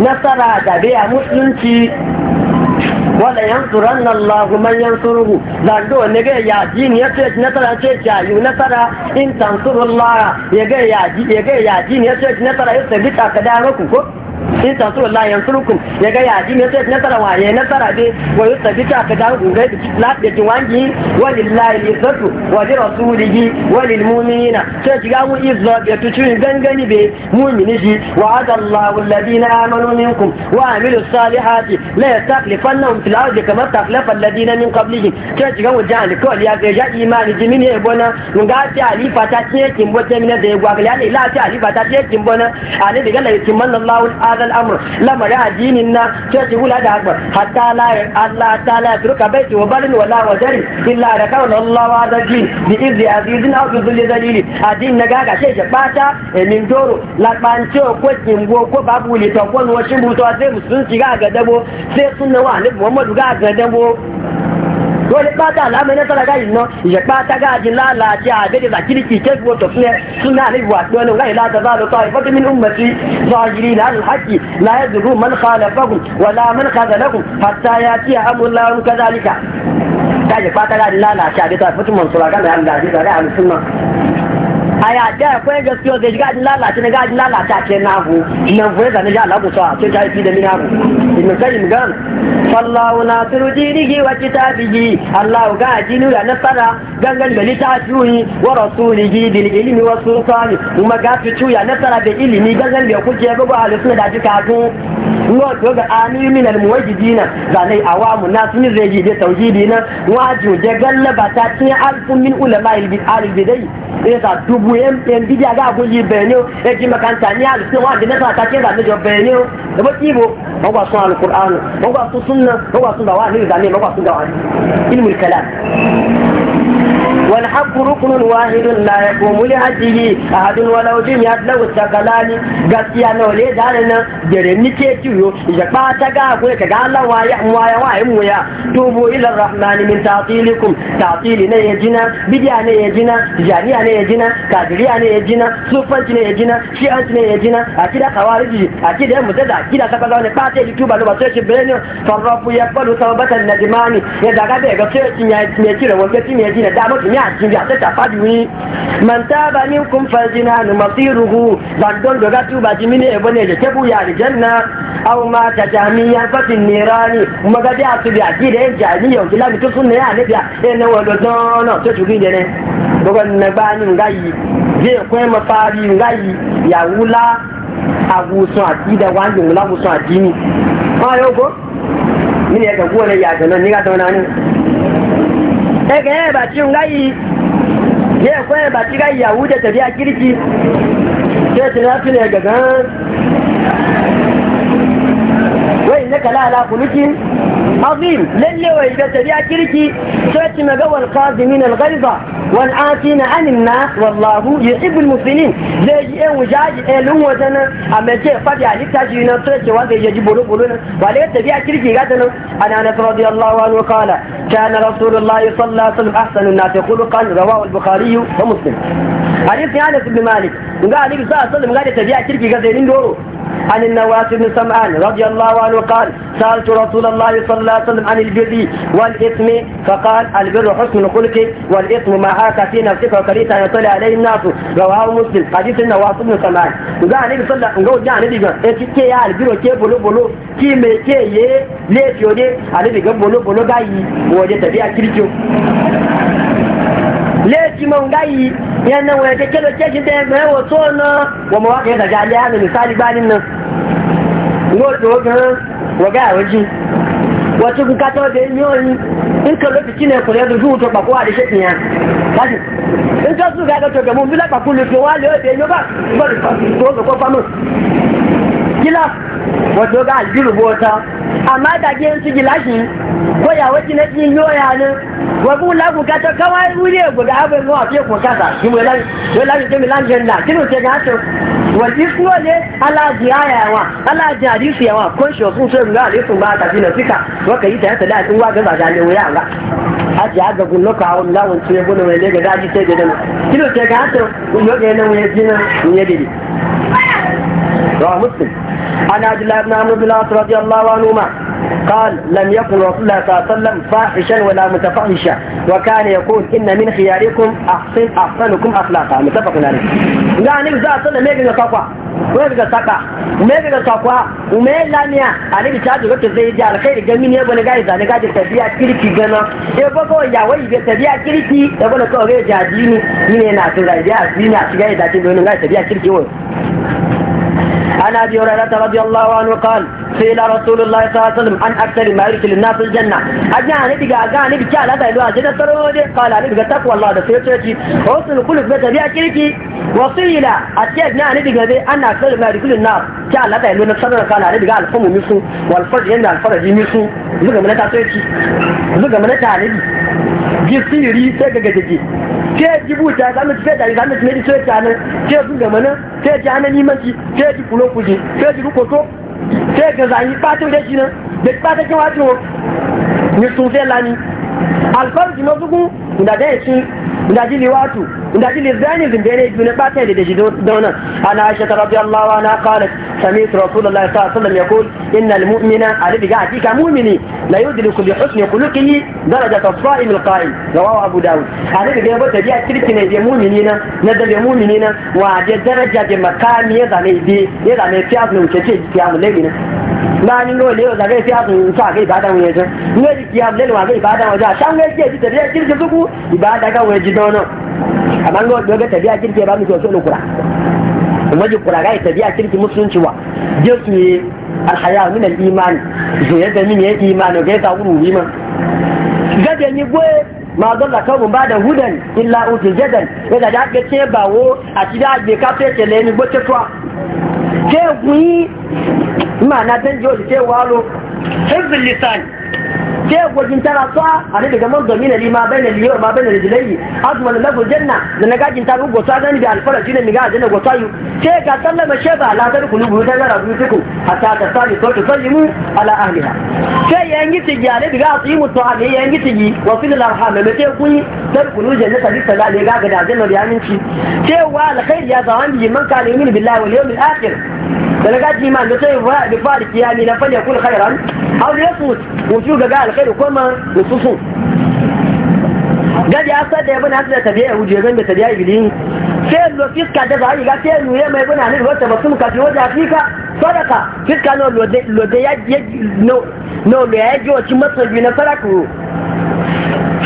نصر تبع مسلم wala yansuranna Allah man yansuruhu zando ne ga ya ni ya ce tara ce ya yi tara in tansurullah ya ga ya ji ya ga ya ni ya ce tara ya tabbata ka da ku ko in ta so la yansurkum ya ga ya dine sai nasara wa ya nasara be wa yusabita ka da gugai la da jiwangi walillahi izzatu wa li rasulihi wa lil mu'minina sai shiga mu izza da tuci gangani be mu'mini ji wa adallahu alladhina amanu minkum wa amilu salihati la yastakhlifannahum fil ardi kama takhlafa alladhina min qablihim sai shiga mu jahil kawai ya ga ya imani ji mini e bona mun ga ta alifa ta ce kin bo ta mina da ya gwa ga ya la ta alifa ta ce kin bona ale daga la kin manallahu adal al'amur lamarin addinin na ta ci da akbar hatta la Allah ta la turka baiti wa barin wala wa dari illa da kawai Allah wa da ji bi izi azizin au bi zulli dalili addin na gaga sai ya bata min doro la bance ko kingo ko babu litan ko no buto sai ga sunna wa Muhammadu ga ga wọ́n ti pátá àlámẹ́ náà sọ́dọ̀ gáyìí ná ìyẹn pátá gáàjì ńláńlá àti àgbẹ̀dẹ̀ làkìrìkì kẹ́sì wọ́n tọ̀fún ẹ̀ súnà àlejò àti ọ̀nà ọ̀gá ìlà àtàbà lọ́tọ̀ ìfọ́tí mi ń mọ̀ sí zọ́ọ̀jìrì láàrín hákì láyé dùrú mọ́nìkà lẹ́fọ́gùn wọ̀lá mọ́nìkà lẹ́fọ́gùn fàtàyà tí a amúlá ń kẹ́dálíkà. gáàjì pátá gáàjì ńláńlá àti àgbẹ̀dẹ̀ àti fọ́tí mọ̀ a ya da akwai gaskiyo zai ga lalace na ga lalace a ce na hu nan kuwa zane ja Allah ku sa ce ta yi da mina hu in kai mu gan fallahu nasiru dinihi wa kitabihi Allahu ga jinu da nasara gangan da litafiyi wa ji, bil ilimi wa sultani kuma ga fitu ya nasara da ilimi gangan da kuke bugu a da jika ku wa to ga alimin almuwajjidina zalai awamu na sun zai tauhidi na waju da gallaba ta ce alfun min ulama al bidai ya ta dubu yan yan bidiya ga go yi benyo ya e ji makanta ni al sai wanda na ta ce da jo benyo da ba tibo ba ba sun alqur'ani ba ba sun sunna ba ba sun da wani zalai ba ba sun da wani ilmul kalam والحق ركن واحد لا يقوم لحده أحد ولو جمعت له الثقلان gaskiya na wale dare nan jere ni ke ciwo ya ba ta ga ko ka ga Allah waya waya waya mu ya tubu ila rahman min ta'tilikum ta'tili ne yajina bidiya ne yajina janiya ne yajina kadiriya ne yajina sufanci ne yajina shi'anci ne yajina akida kawariji akida mutada akida ka kaza ne ba ta tuba no ba sai shi benyo farrafu ya qalu tawbatan najmani ya daga da ga sai ya ne cire wanda tin yajina da mutum ya ya jin ya ta tafa biyu man taba minkum faljinanu masiruhu bandon da gatu ba ya aw ma ta jamiya nirani ga su ji ya na e wado dono to tubi ne dogon na bani ngai je kwai ngai ya wula adini ma yau ya ga ya ga ni ga daga yaya ba cin gayi ya kwaya ba ci gayi yahu da tafiya kirki sai tunatu ne ga gan wai ne kala ala kulukin عظيم للي ويجب تبيع كركي سويت مقوى القادمين الغيظة والآتين عن الناس والله يحب المسلمين زيجي ان وجاج الون وزنا اما تي فدي لك تاجينا سويت وانت يجي بلو بلونا وعليه تبع كركي قادنا عن انس رضي الله عنه قال كان رسول الله صلى الله عليه وسلم احسن الناس خلقا رواه البخاري ومسلم حديث انس بن مالك قال عليه الصلاه والسلام قال تبع كركي قاتلين دورو عن النواس بن سمعان رضي الله عنه قال سالت رسول الله صلى الله عليه وسلم عن البر والإثم فقال البر حسن الخلق والإثم ما آتى في نفسك وكريت أن يطلع عليه الناس رواه مسلم حديث النواس بن سمعان وقال النبي صلى الله عليه وسلم قال النبي إيه، كي يا البر كي بلو بلو كي مي كي يي ليش يودي النبي قال بلو بلو غاي ودي تبيع كريتو lẹ́ẹ̀tì mọ̀ ń gáyìí yẹn náà wọ̀n ẹ̀kẹ́ kẹ́lọ tẹ́ẹ̀kì tẹ́ ẹgbẹ̀rẹ́ wọ̀ tó ọ̀nà wọ́n mọ̀ wákẹ́ ẹ̀dàjà alẹ́ àmì nìsáàlì gbá nínú. ń gbọ́dọ̀ gan-an wọ̀gá àròjì wata bukata wadda yin yawon in ka lokaci ne kula da zuwa toba kowa da shaɗin ya kashi in ka su ga ga to gamun bila ba kullu to wale wadda ba ba da ko ga kofa gilas wato ga aljiru bota amma da su gilashin ko ya wace na cikin yoya ne lagu ka ta kawai wuri ya guda abin fiye ko kasa shi mai lan wai lan ke milan janna kinu ke ga to wani kuwa ala yawa ko shi alisun ba ta fina waka yi ta yata da ga ba ne wuya ga aji aga gun loka awon lawon ce gudu mai ga رواه مسلم عن عبد الله بن عمرو بن العاص رضي الله عنهما قال لم يكن رسول الله صلى الله عليه وسلم فاحشا ولا متفحشا وكان يقول ان من خياركم احسن احسنكم اخلاقا متفق عليه يعني النبي صلى الله عليه وسلم يجي يتقوى ويجي يتقى ويجي يتقوى ومن لم يا النبي تعالى يقول زي جاء الخير جميل يا بني جاي زاني جاي تبيع كيركي جنا يبقى يا وي تبيع كيركي يبقى كو جاي جاي ديني يني ناتو جاي جاي ديني اشجاي ذاتي دون جاي تبيع كيركي وي عن أبي هريرة رضي الله عنه قال سئل رسول الله صلى الله عليه وسلم عن أكثر ما يرسل الناس الجنة أجانب أجانب قال هذا الواحد جنة تروج قال أبي تقوى الله ده سيرتي حسن الخلق بتبيع كيركي وقيل أتيت نعني بقى أن أكثر ما يرسل الناس جاء لا هذا الواحد جنة قال أبي بقى الفم ميسو والفرج ينال الفرج ميسو زوجة من تاتيتي زوجة من تاتيتي gisiri sai daga jiki sai ji buta za mu sai da za mu ne sai ta nan sai sun ga mana sai ji anan limanci sai ji kulo kuje sai ji rukoto sai ga zani batun da shi nan da batun kin wato ni sun sai lani alfarji mazugu da da shi da ji liwatu ندعي للزاني في الدين يجبون باتين لدجدون دونا عن عائشة رضي الله عنها قالت سمعت رسول الله صلى الله عليه وسلم يقول إن المؤمن الذي قاعد فيك مؤمني لا يدرك لحسن خلقه درجة الصائم القائم رواه أبو داود الذي قاعد بوتا بيها كريتنا دي مؤمنين ندل مؤمنين وعجي درجة دي مقام يضعني دي يضعني فيها من وشيشي في عام الليل bani ngo leo da kai ya su sa kai ba dan waje ngo ji ya lelo wa kai ba dan waje shan ga ke ji da ya kirki zuku dono amma ga wanda ga tabiya kirki ba mu so lokura kura kuma ji kura ga tabiya kirki musulunci wa jesu ne alhaya min al-iman zo yadda min ya imani ga ta ta ima ma da ni gwe ma la kawo ba da hudan illa uti jadan daga da ake ce ba wo a ci da ake kafe ce leni gwace tuwa ke kuyi ma na danjo ce walo hizbul lisan ke gwajin tara tsawa a ne daga manzo mina lima bai na liyo ma bai na rijilai azuma na lagu janna da na gajin taru gwasa zan da alfara shi ne miga a janna gwasa yu ke ga sallama she ba la tare kulu buru ta zara buru tuku a ta ni to ta mu ala ahliha ke yangi tigi a ne daga a tsimu to a ne yangi tigi wa fil arham me te kun tar kulu janna ta bisa da ne ga ga da janna da aminci ke wa alkhair ya zawan bi man kana yumin billahi wal yawmil akhir daga gaji man da sai wa bi fadi kiyami na fa yakul khairan aw yasmut wuju ga ga alkhair kuma nususu gaji asa da ibn asla tabiya wuju zan da tabiya ibilin sai lo fiska da zai ga sai nu ya mai buna ne asla wata basu ka tiwo da fika sadaka fiska no lo de lo de ya no no lo ya ji wacin masabi na sadaka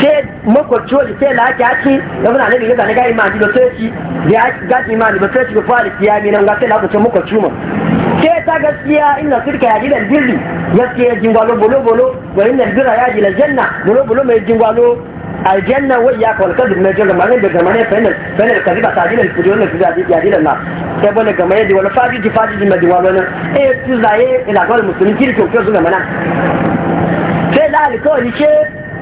ke makwabci wani ke la ake haki da muna nabi gaza na gari ma da soci da ya gaji ma da soci ga fara nan ga sai ce mu ke ta gaskiya inna sirka ya jingwalo bolo bolo wa inna ya janna bolo bolo mai jingwalo aljanna wa ya kawal kadu mai ma ne wannan ya dilan na sai bane mai eh ila musulmi sai la ke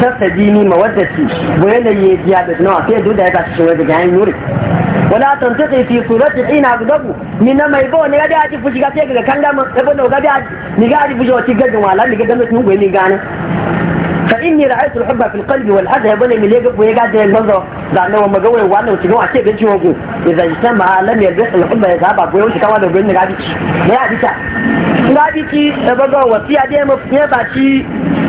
tastajini mawaddati wa yanayi biya da nawa sai duda ya tashi wai daga gani nuri wala tantaqi fi surati ina gudu ni na mai bo ne ga da fushi ga sai ga kanga mun da bo ga da ni ga da fushi ga ci ga wala ni ga da mun ni gane fa inni ra'aytu al-hubba fil qalbi wal hadha bani mi lega ko yaga da banzo da nan maga wai wannan cikin a ce gaci wago idan ta ma lam yalbis al-hubba ya saba ko yau kama da gani ga bici ne ya bica ga bici da baga wasiya da mu ya baci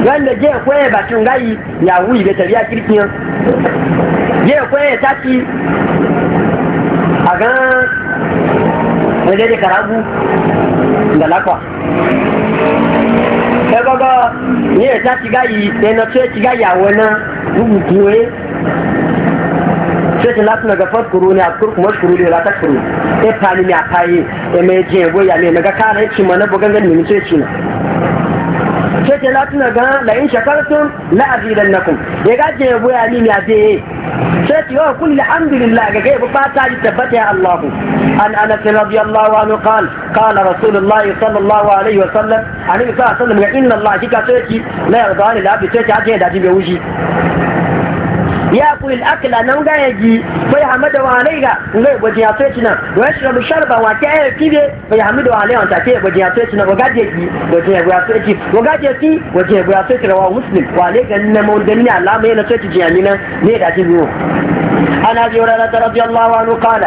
wanda je ko ya baci ngai ya wuyi da tariya kirkin je ko ya taci a ga wajen da karabu da lakwa kaga ni ya ta shiga yi sai na ce shiga ya wani rubutu ne sai ta lati daga ne a kurkuma shuru ne ta shuru ya fani ne a fayi ya mai je goya ne na ga na keke latina ga la in shakartum la azidannakum ya bo ya ni ya je sai ti wa kulli alhamdulillah ga ga ba ta ji tabbata ya Allah an ana allah wa anu qal qala rasulullah sallallahu alaihi wa sallam alaihi sallam ya inna Allah kika sai ki la yarda ni la bi sai ki aje da ji be wuji ya kuli akila nan ga ya ji bai hamada wa alai ga ngai gwaji ya sai cinan wa ya shirabu sharba wa ta ya kibe bai hamada wa alai wa ta ke gwaji ya sai cinan wa gaje ki gwaji ya gwaji sai ci wa gaje ki gwaji ya gwaji sai ci rawa muslim wa alai ga nan mun ganin alama yana sai ci jiyani nan ne da ji biyo عن ابي رضي الله عنه قال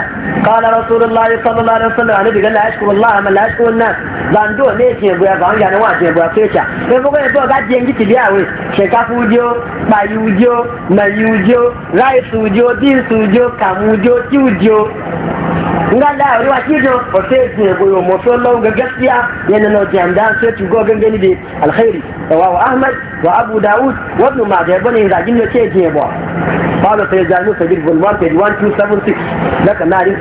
قال رسول الله صلى الله عليه وسلم انا بقول لا اشكر الله من لا اشكر الناس بان دو ne ke buya ga wanda wa ke buya fecha sai buga ne to ga jengi tibiya we shekafu ujo bayu ujo ujo rice ujo su ujo kamu ujo ti ujo nga da ruwa ki jo ko sai ne goyo mo so lawo ga gaskiya yana na jam da sai tu go gangan ne wa wa ahmad wa abu daud wa ibn majah bane ga jin ne ce je ba qala sai jami'u kabir bin wan 1276 daga na 7719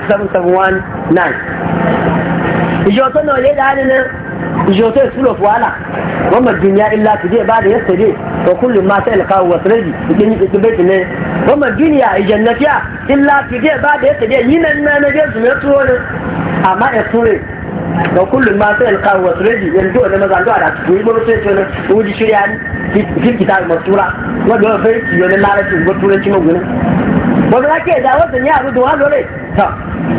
to no le da ne ìṣòro tó ìṣúlò fún wàhálà wọ́n mọ̀ dùnìyà ilá tìdí ẹ̀ bá rẹ̀ yẹ́sẹ̀ dé ọkùnrin lè máa tẹ̀lé ká wọ̀ sẹ́lẹ̀ ìpín ní ìpín bẹ́ẹ̀ tẹ̀lé wọ́n mọ̀ dùnìyà ìjẹ̀nàfíà ilá tìdí ẹ̀ bá rẹ̀ yẹ́sẹ̀ dé yìí náà náà náà jésù yẹn túwọ́ ni àmọ́ ẹ̀kún rẹ̀ ọkùnrin máa tẹ̀lé ká wọ̀ sẹ́lẹ̀ yẹn tó ọ̀nà mẹ́ta tó àdá tuntun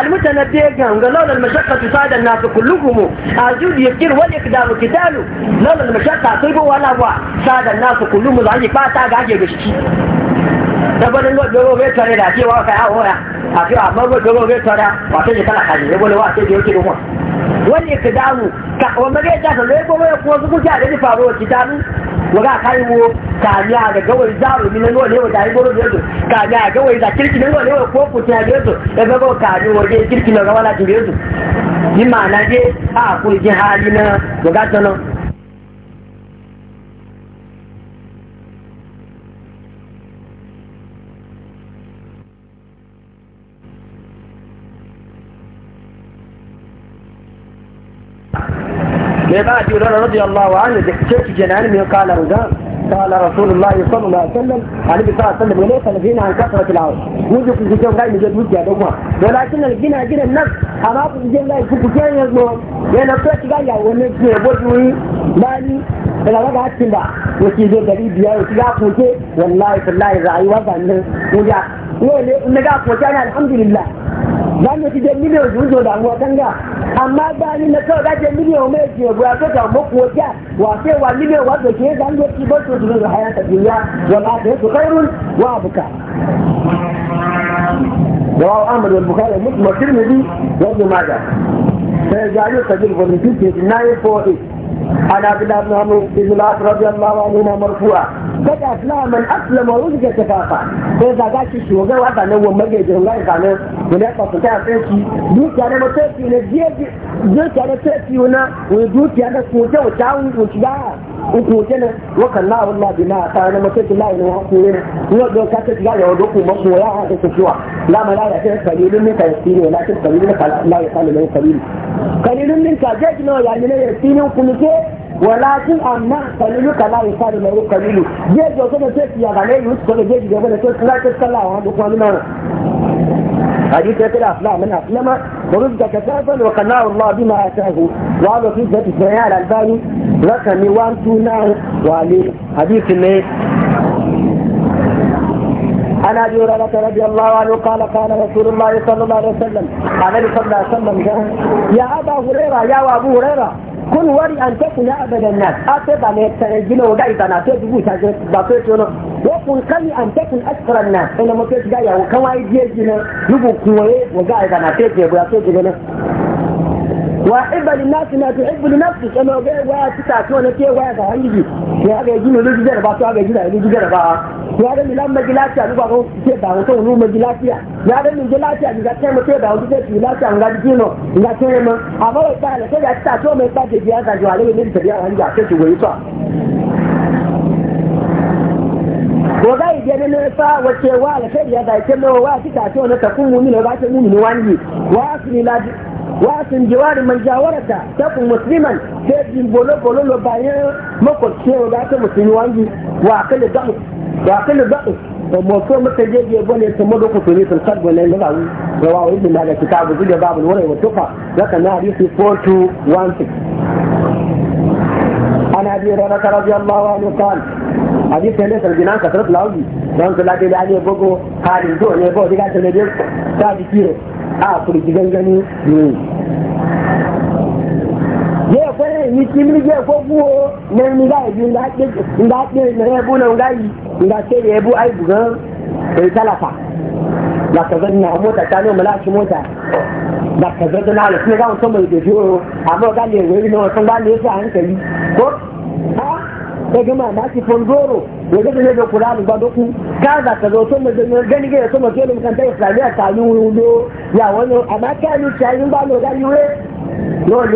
المتنبي قام قال لولا المشقة صاد الناس كلهم أجود يفكر والإقدام قتاله لولا المشقة صيبه ولا هو صاد الناس كلهم ضعيف فاتا قاعد يشكي dabarin lo dogo be tare da cewa kai a hora a ce amma lo dogo be tare wa sai kana kaji ne bolo wa sai da yake dogo wani ikdamu ka o mage ta so le ko ko su ku ja da faro ki tanu waga kai wo ka ya ga gawai zaru min lo le da goro da yake ka ya ga za kirki ne le ko ku ta da yake da ga ka ni wo kirki ne ga wala da yake ni ma na je a ku ji hali na waga tano بعد يقول رضي الله عنه ذكرت جنان من قال رجال قال رسول الله صلى الله عليه وسلم عن النبي صلى الله عليه وسلم وليس الغنى عن كثرة العرش وجه في الجو لا يوجد وجه دوما ولكن الغنى غير النفس أما في الجو لا يفوت كان يزمون لأن الصلاة لك يا ونجي بوجهي مالي إلى وضع السلاح وشي زي قريب بيا وشي لا والله في الله الرعي وضع وجه yau ne na ga kuma jana alhamdulillah za mu ci jan miliyan su zo damuwa kan ga amma ba ni na kawai gajen miliyan mai ke buya ko ta muku wata wa sai wa miliyan wa da ke zan zo ci ba su zo hayata duniya wa ma da su kairun wa abuka رواه احمد والبخاري ومسلم والترمذي وابن ماجه فيجعله سجل فولنتين في 948 عن عبد الله بن عمرو بن العاص رضي الله عنهما مرفوعا kaka suna man aslam wa rujja ta kafa sai za ga shi shi wajen wata nan wani mage jirin gari sami wani yakwa su kaya sai shi dukiya na matafi na jiyarji zuciya na tafi wani wani dukiya na kuce wuce an kuce ba an kuce na wakan na wani labi na tara na matafi layi na wani kuce na yau da wata tafi gari wani dukkan mako ya haka su kiwa na ma layi a cikin kalilin min ka yasi ne na cikin kalilin ka layi kalilin kalilin kalilin min ka jeji na wani yanni na yasi ne kuma walakin amma kalilu kala ya sa da mai kalilu je jo da sai ya ga ne yusuf ko je jo da sai kala ta kala wa da kuma nan حديث يتلع أفلام من أفلام ورزق كتابا وقناه الله بما أتاه وهذا في ذات إسماعيل على الباني رقم 129 وعليه حديث ما عن ابي هريره رضي الله عنه قال قال رسول الله صلى الله عليه وسلم النبي صلى الله عليه وسلم يا ابا هريره يا ابو هريره kun wari an ta kula abadan nan a ta ba ne tare gina wa gaita na sai dubu ta ba sai ce no wa kun kali an ta kun asran nas ina mu kai ga ya kawai je gina dubu kuwaye wa gaita na sai ce ba ce gina wa ibali na ma tu kama ga wa ta ta to na ke wa ga hanji ke ga ji ne duk ba to ga ji da duk jira ba ya da milan magilati a duka ko ke da to ru magilati ya da min gilati a ga ke mu ke da duk ke gilati an ga ji no ga ke mu amma ba ta ne ke ga ta to mai ta ke ji an ga ji wale ne ta ya hanji a ke ji wai fa ko ga ide ne fa wace wa la ke ya da ke no wa ta to na ta kun mu ne ba ta mu ne wani wa su ni wasin jiwari mai jawarata ta kun musliman sai jin bolo bolo lo bayan makwabciyar da ta musulmi wangi wa kalli gaɓu wa kalli gaɓu mo so mata je je bane ta mu doko tuni sun kadwa ne da zawu da wa wani da ga kitabu zuwa babu wani wa tufa zaka na hadisi 4216 ana abi rana radiyallahu anhu qala hadisi ne ka kasrat lawi dan kula da ali gogo hadin to ne bo diga tele ta dikiro a furgi gangani ne ya kwaye yi kimin ya ko buwo na ni ga yi da hakke da hakke na ya bu na ga yi da ke ya bu ai bugan sai talafa da ka zan na mota ta ne mala shi mota da ka zan na ne ga mutum mai da jiro amma ga ne wai ne wannan ga ne sai hankali ko ha da gama na ci fondoro da da ga ba doku ka za ka zo to gani ga ta yi wudo ya wani amma ka ni ta yi ba yi no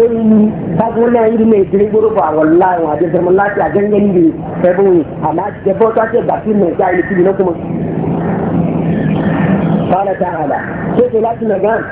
ta na yi guru ba wallahi wa zaman lafiya gangan ne sai bu amma da ta ce ba ta yi kuma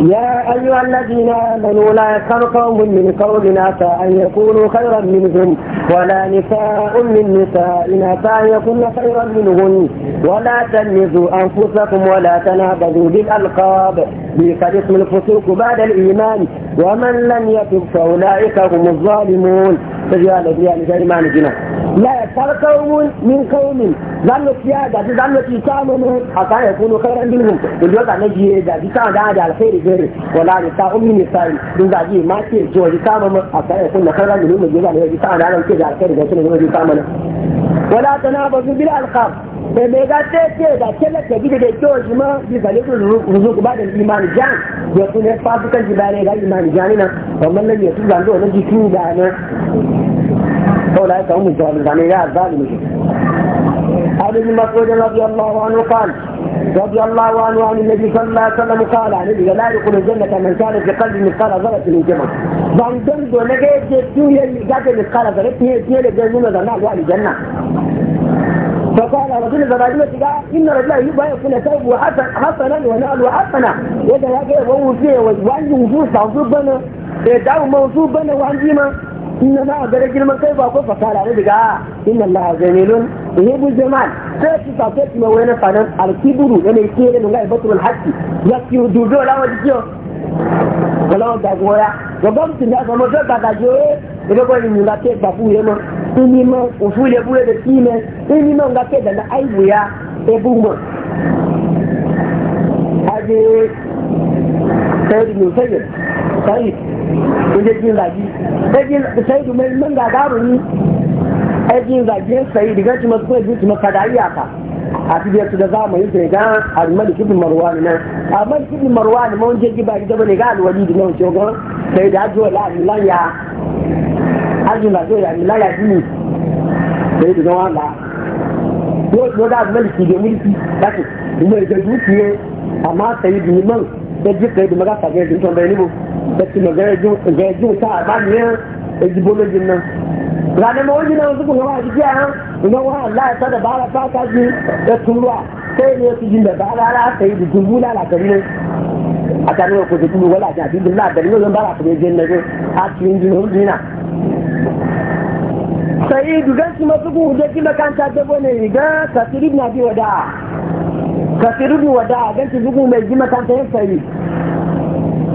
يا أيها الذين آمنوا لا يسخر قوم من قوم عسى أن يكونوا خيرا منهم ولا نساء من نساء عسى أن يكون خيرا منهم ولا تلمزوا أنفسكم ولا تنابذوا بالألقاب بئس الاسم الفسوق بعد الإيمان ومن لم يتب فأولئك هم الظالمون تجعل بيان جرمان جنا لا يسخر قوم من قوم ظنوا سيادة ظنوا تيتامنوا حتى يكونوا خيرا منهم الوضع نجي إذا كان هذا الخير alheri wala ni ta ummi ni sai dun da ji ma ke jo ji kama ma a kai kun na ni ji ne ji ta da ran ke da alheri da kuma ji wala bil alqab ga te da kele ke gidi jo ji ma bi zale ku ba da imani jan ya kun ne fa ji bare ga jan na wannan ne ya tuba ndo ne ji kin da ne wala ta ummi jo ne ya zalimi رضي الله عنه عن النبي صلى الله عليه وسلم قال النبي لا يقول الجنة من كان في قلب مثقال ذرة من جمل بان دندو نجي جدو يلي مثقال ذرة هي تيلي جنة من نعلو على الجنة فقال رجل الزبادية قال إن رجل يبقى يكون ثوب حسنا ونال وحسنا إذا يجي وهو فيه وعنده وجوه موصوب بنا إيه، يدعو موصوب بنا ما in na samu girman kai ba ko fasala ne daga inna Allah jamilun yuhibbu jamal sai ki ta ce mai wani fadan alkiburu ne ne ke da ngai batul hakki ya ki la wadi da goya ga gam tin da da da ko ni ba bule de da na aibu ya e bumbo sai ni sai sai wajen jin zagi sai da mai nan ni, ai jin zagi sai daga cikin masu kuma jinsu maka da iyaka a cikin su da zamani sai ga almalik ibn marwan nan almalik ibn marwan ma wanda ji ba da bane ga alwali da nan shogon sai da ajo la milan ya ajo da ajo ya milan ya dini sai da gawa la ko ko da almalik ke mulki kace kuma da dukiye amma sai da liman da jikkai da maga fage din tambaye ni mu tẹ̀sí lọ gẹ́gẹ́ jù tá a bá nìyẹn ejibó méjì a Ìlànà ìmọ̀ ojú náà sókùn lọ́wọ́ àti díẹ̀ hàn ìnáwó hàn láì sọ́dọ̀ bàárà pátá da ẹtù lọ́wọ́ kéè ní da jìnnà bàárà aláṣẹ ìdí tó wú lára kẹ́lẹ́. Àtàrí òkú tó kúrò wọlé àti àdúgbò náà bẹ̀rẹ̀ lóyún bàárà kò ní jẹ́ nẹ́gbẹ́ àti ìdí ló ń dín náà. Sa'idu gasu masukun hujjar kila kanta ta bane riga Kasiru na bi wada. Kasiru wada ganci zugun mai ji makanta ya sayi.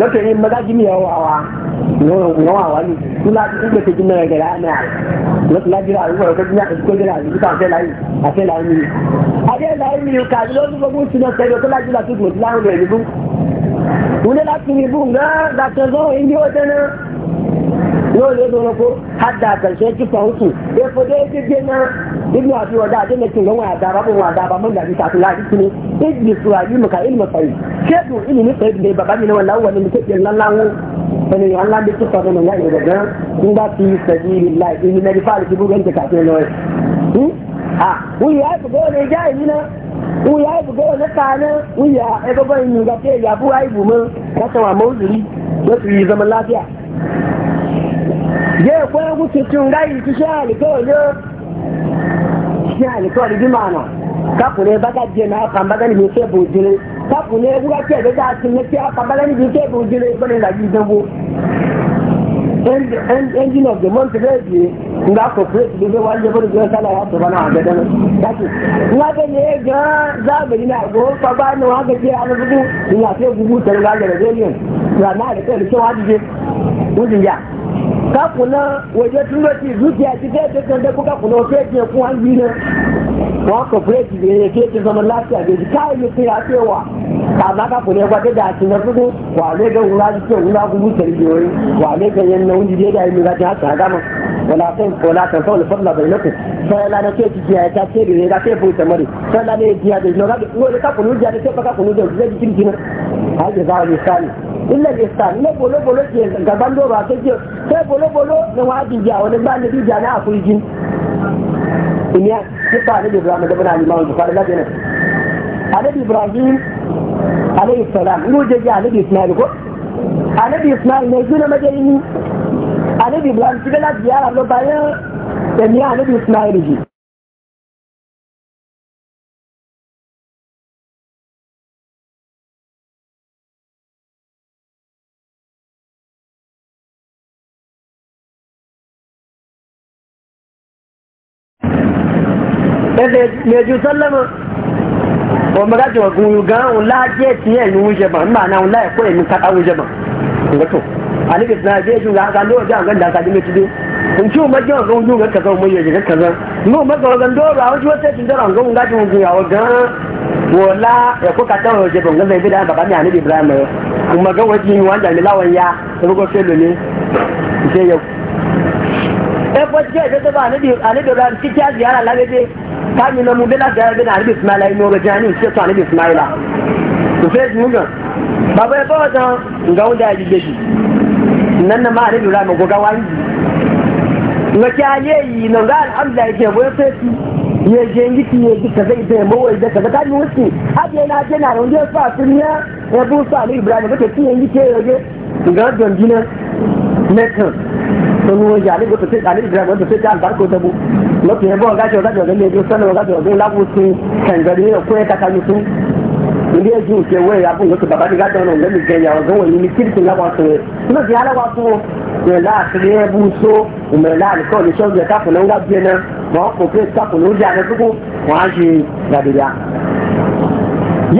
lọ́tọ̀ yìí mọ́tà jí mi ọwọ́ wa ìwọ̀n wà wá ní nígbà tí ìgbà tí jìnnà gẹ̀rẹ́ àmì àrẹ lọ́tọ̀ lájú àwọn ìwọ̀n tó jìnnà àti kójọ́ àti kíkà àfẹ́ láyé àfẹ́ láyé mi. adé láyé mi kà ní lọ́dún gbogbo sinú sẹ́yìn tó lájú láti gbòòtú láwọn ẹ̀mí bú. wọ́n dé láti mi bú ńgá gàtọ̀ yau ne zo ko har da karshe ki fahutu ya eh, fi dai jirgin na duk ya fi wada da kin gan waya da rabin wada ba mun da ni tafi lafi ne ibni surayi muka ilmi sai shedu ilmi sai ne baba ni wannan wani mutum nan lawo sani Allah da ya yi daga in ba fi sabilillah in na fa ki bugan ka kafin lawa hmm? ah wuya ku go ne ga yi na wuya ku go na kana wuya e ba ba ni ga ke ya bu ai bu mun ka tawa mawzuri yi zaman lafiya jẹ́ pé ẹkú tuntun láyé ìtúṣẹ́ àlìkọ́ òjò ṣe àlìkọ́ òjò màánà kakune baka jena kambaka ni bise bujire kakune buka kebe ka sinne kya kambaka ni bise bujire bane la ji engine of the month reji nga ko press bibe wanje bane ga sala ya to bana ga dan daki nga ga ne ga za ba ni na go fa ba ni wa ga je ana bugu ni ya te bugu tan ga ga ne ya na da kai ce wa ji je wujin ya kakuna waje tun lokaci zuciya e zai dukkan da kuka kuna wasu yake kuma an gina wọn kò fún ètùtù yẹn kí ètùtù ọmọ láti àgbèjì káyọ̀ yóò fi àti ẹwà kàbá kakuna ẹgbà dédé àti orí yẹn náà àti bẹ̀rẹ̀ fẹ́ẹ́ lánà fún fẹ́ẹ́ lánà èdè náà illa lisan ne bolo bolo ke gaban roba sai ke sai bolo bolo na wadi ja wani ba ni bija na afurji inya ki fa ne Ibrahim da bana limamu ki fara lafiya Annabi Ibrahim alayhi salam mu je ga Annabi Ismail ko Annabi Ismail ne gina majalini Annabi Ibrahim ki da ziyara lo bayan da ni Annabi Ismail ji mai ju sallama wọn bá jọ gun gan òun láàjẹ tí ẹ ní oúnjẹ bá nígbà náà òun láì kó oúnjẹ bá nga tó náà jẹ ju nga kan lóòjọ àwọn gàdá méjì dé nci o ma jẹ ojú nga kẹsàn ọmọ yẹn kẹsàn ní o ma gbọ ọgá ndó tí ń dọrọ nga nga ju gun wọ la ẹkọ e kata ọrọ jẹ bọ nga bẹẹ bí dáa mi àní ibrahim ẹ ọmọ gẹ wọn ti yin wọn jàlè láwọn ya ẹgbẹgbẹ fẹ lónìí ìṣe yẹ. ẹ fọ bá ibrahim títí kami na mu bela da bin arabi ismaila ino ga jani ce to arabi ismaila to sai mu ga baba ya bawa dan ga wanda ya jige shi nan na ma arabi ra mu ga wani na kyaye yi na ga alhamdulillah yake boye sai ya je yi ki ya ji kaza ita ya mawai da kaza kami wuce hadi na je na ronde fa sunya ya bu sa ali ibrahim kake ci yi ke yaje ga don dinan ne kan sanu jali go tete jali dira go dar ko tabu lo ke bo ga le jo ga la bu sin kan gari ne ko ta kan sun ndiye ju ke we ya bu ko baba diga ke ya ni la wa so no wa so la bu so me la ko ni so ko bi na mo ko ke ta ko ja ne ko wa ji ga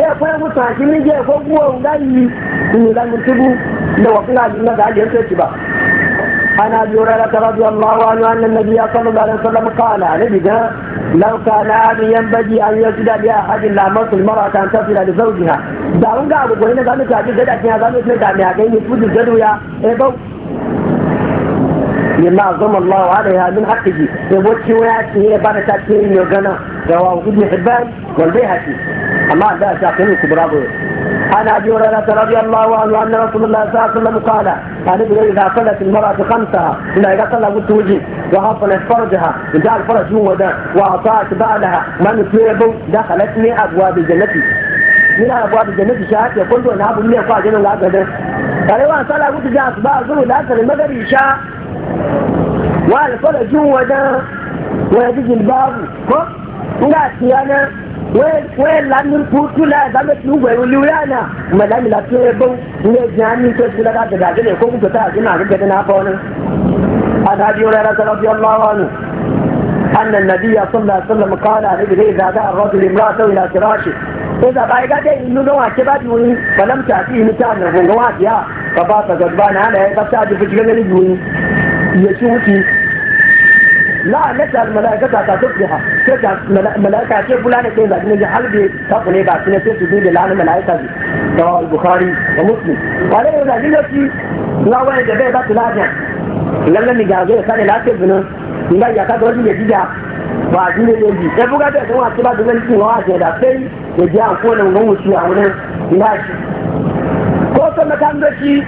ye ko mu ta ki ni je ko o ni la mu wa na ga je ba عن ابي هريره رضي الله عنه ان النبي صلى الله عليه وسلم قال لبدا لو كان ابي ينبغي ان يسجد لاحد موت المراه ان تصل لزوجها ابو قالوا قال لك تعجب جدا كنا قالوا اسمه دعني اجيني فوز الجدو يا ابو مما عظم الله عليها من حقه يبوتي وياتي هي بعد تاكيد يوغنا رواه ابن حبان والبيهقي اما لا شاكين كبرابو عن ابي هريره رضي الله عنه ان رسول الله صلى الله عليه وسلم قال عن ابن اذا صلت المراه خمسها الا اذا صلى قلت وجهي وحصلت فرجها وجاء الفرج هو ده واعطاك بعدها من دخلت من ابواب جنتي من ابواب جنتي شاهد يقول له انا ابو لي اقوى جنه لا تهدر قال وانا صلى قلت جاء اصبع الظهر لا تهدر المغرب عشاء والفرج هو ده ويجي الباب لا صيانه wai lamin kutula wuli lami ya bau ne da ko na gaggada na fa wani an hadi wani rasa rafi Allah wani أن النبي صلى الله عليه وسلم قال عليه إذا دعا الرجل امرأته إلى فراشه إذا بعد ذلك إنه نوع كبات مني فلم تأتيه مثال نفوق واتيا فبات غضبان عليه فتأتي في جنة يشوفي la lati al malaikata ta tusbiha sai ka malaika ce fulani sai da ne halbe ta kule ba kine sai su dinga lanin malaika ji da al bukhari da muslim wale yau da dinga ci la wani da bai ba ta lafiya lalle ni ga zo ka da lafiya binin inda ya ka dole ne dija ba ji ne yaji sai buga da kuma ba da nan wa ce da sai ya ji an kona a wurin ina shi ko sai makan da shi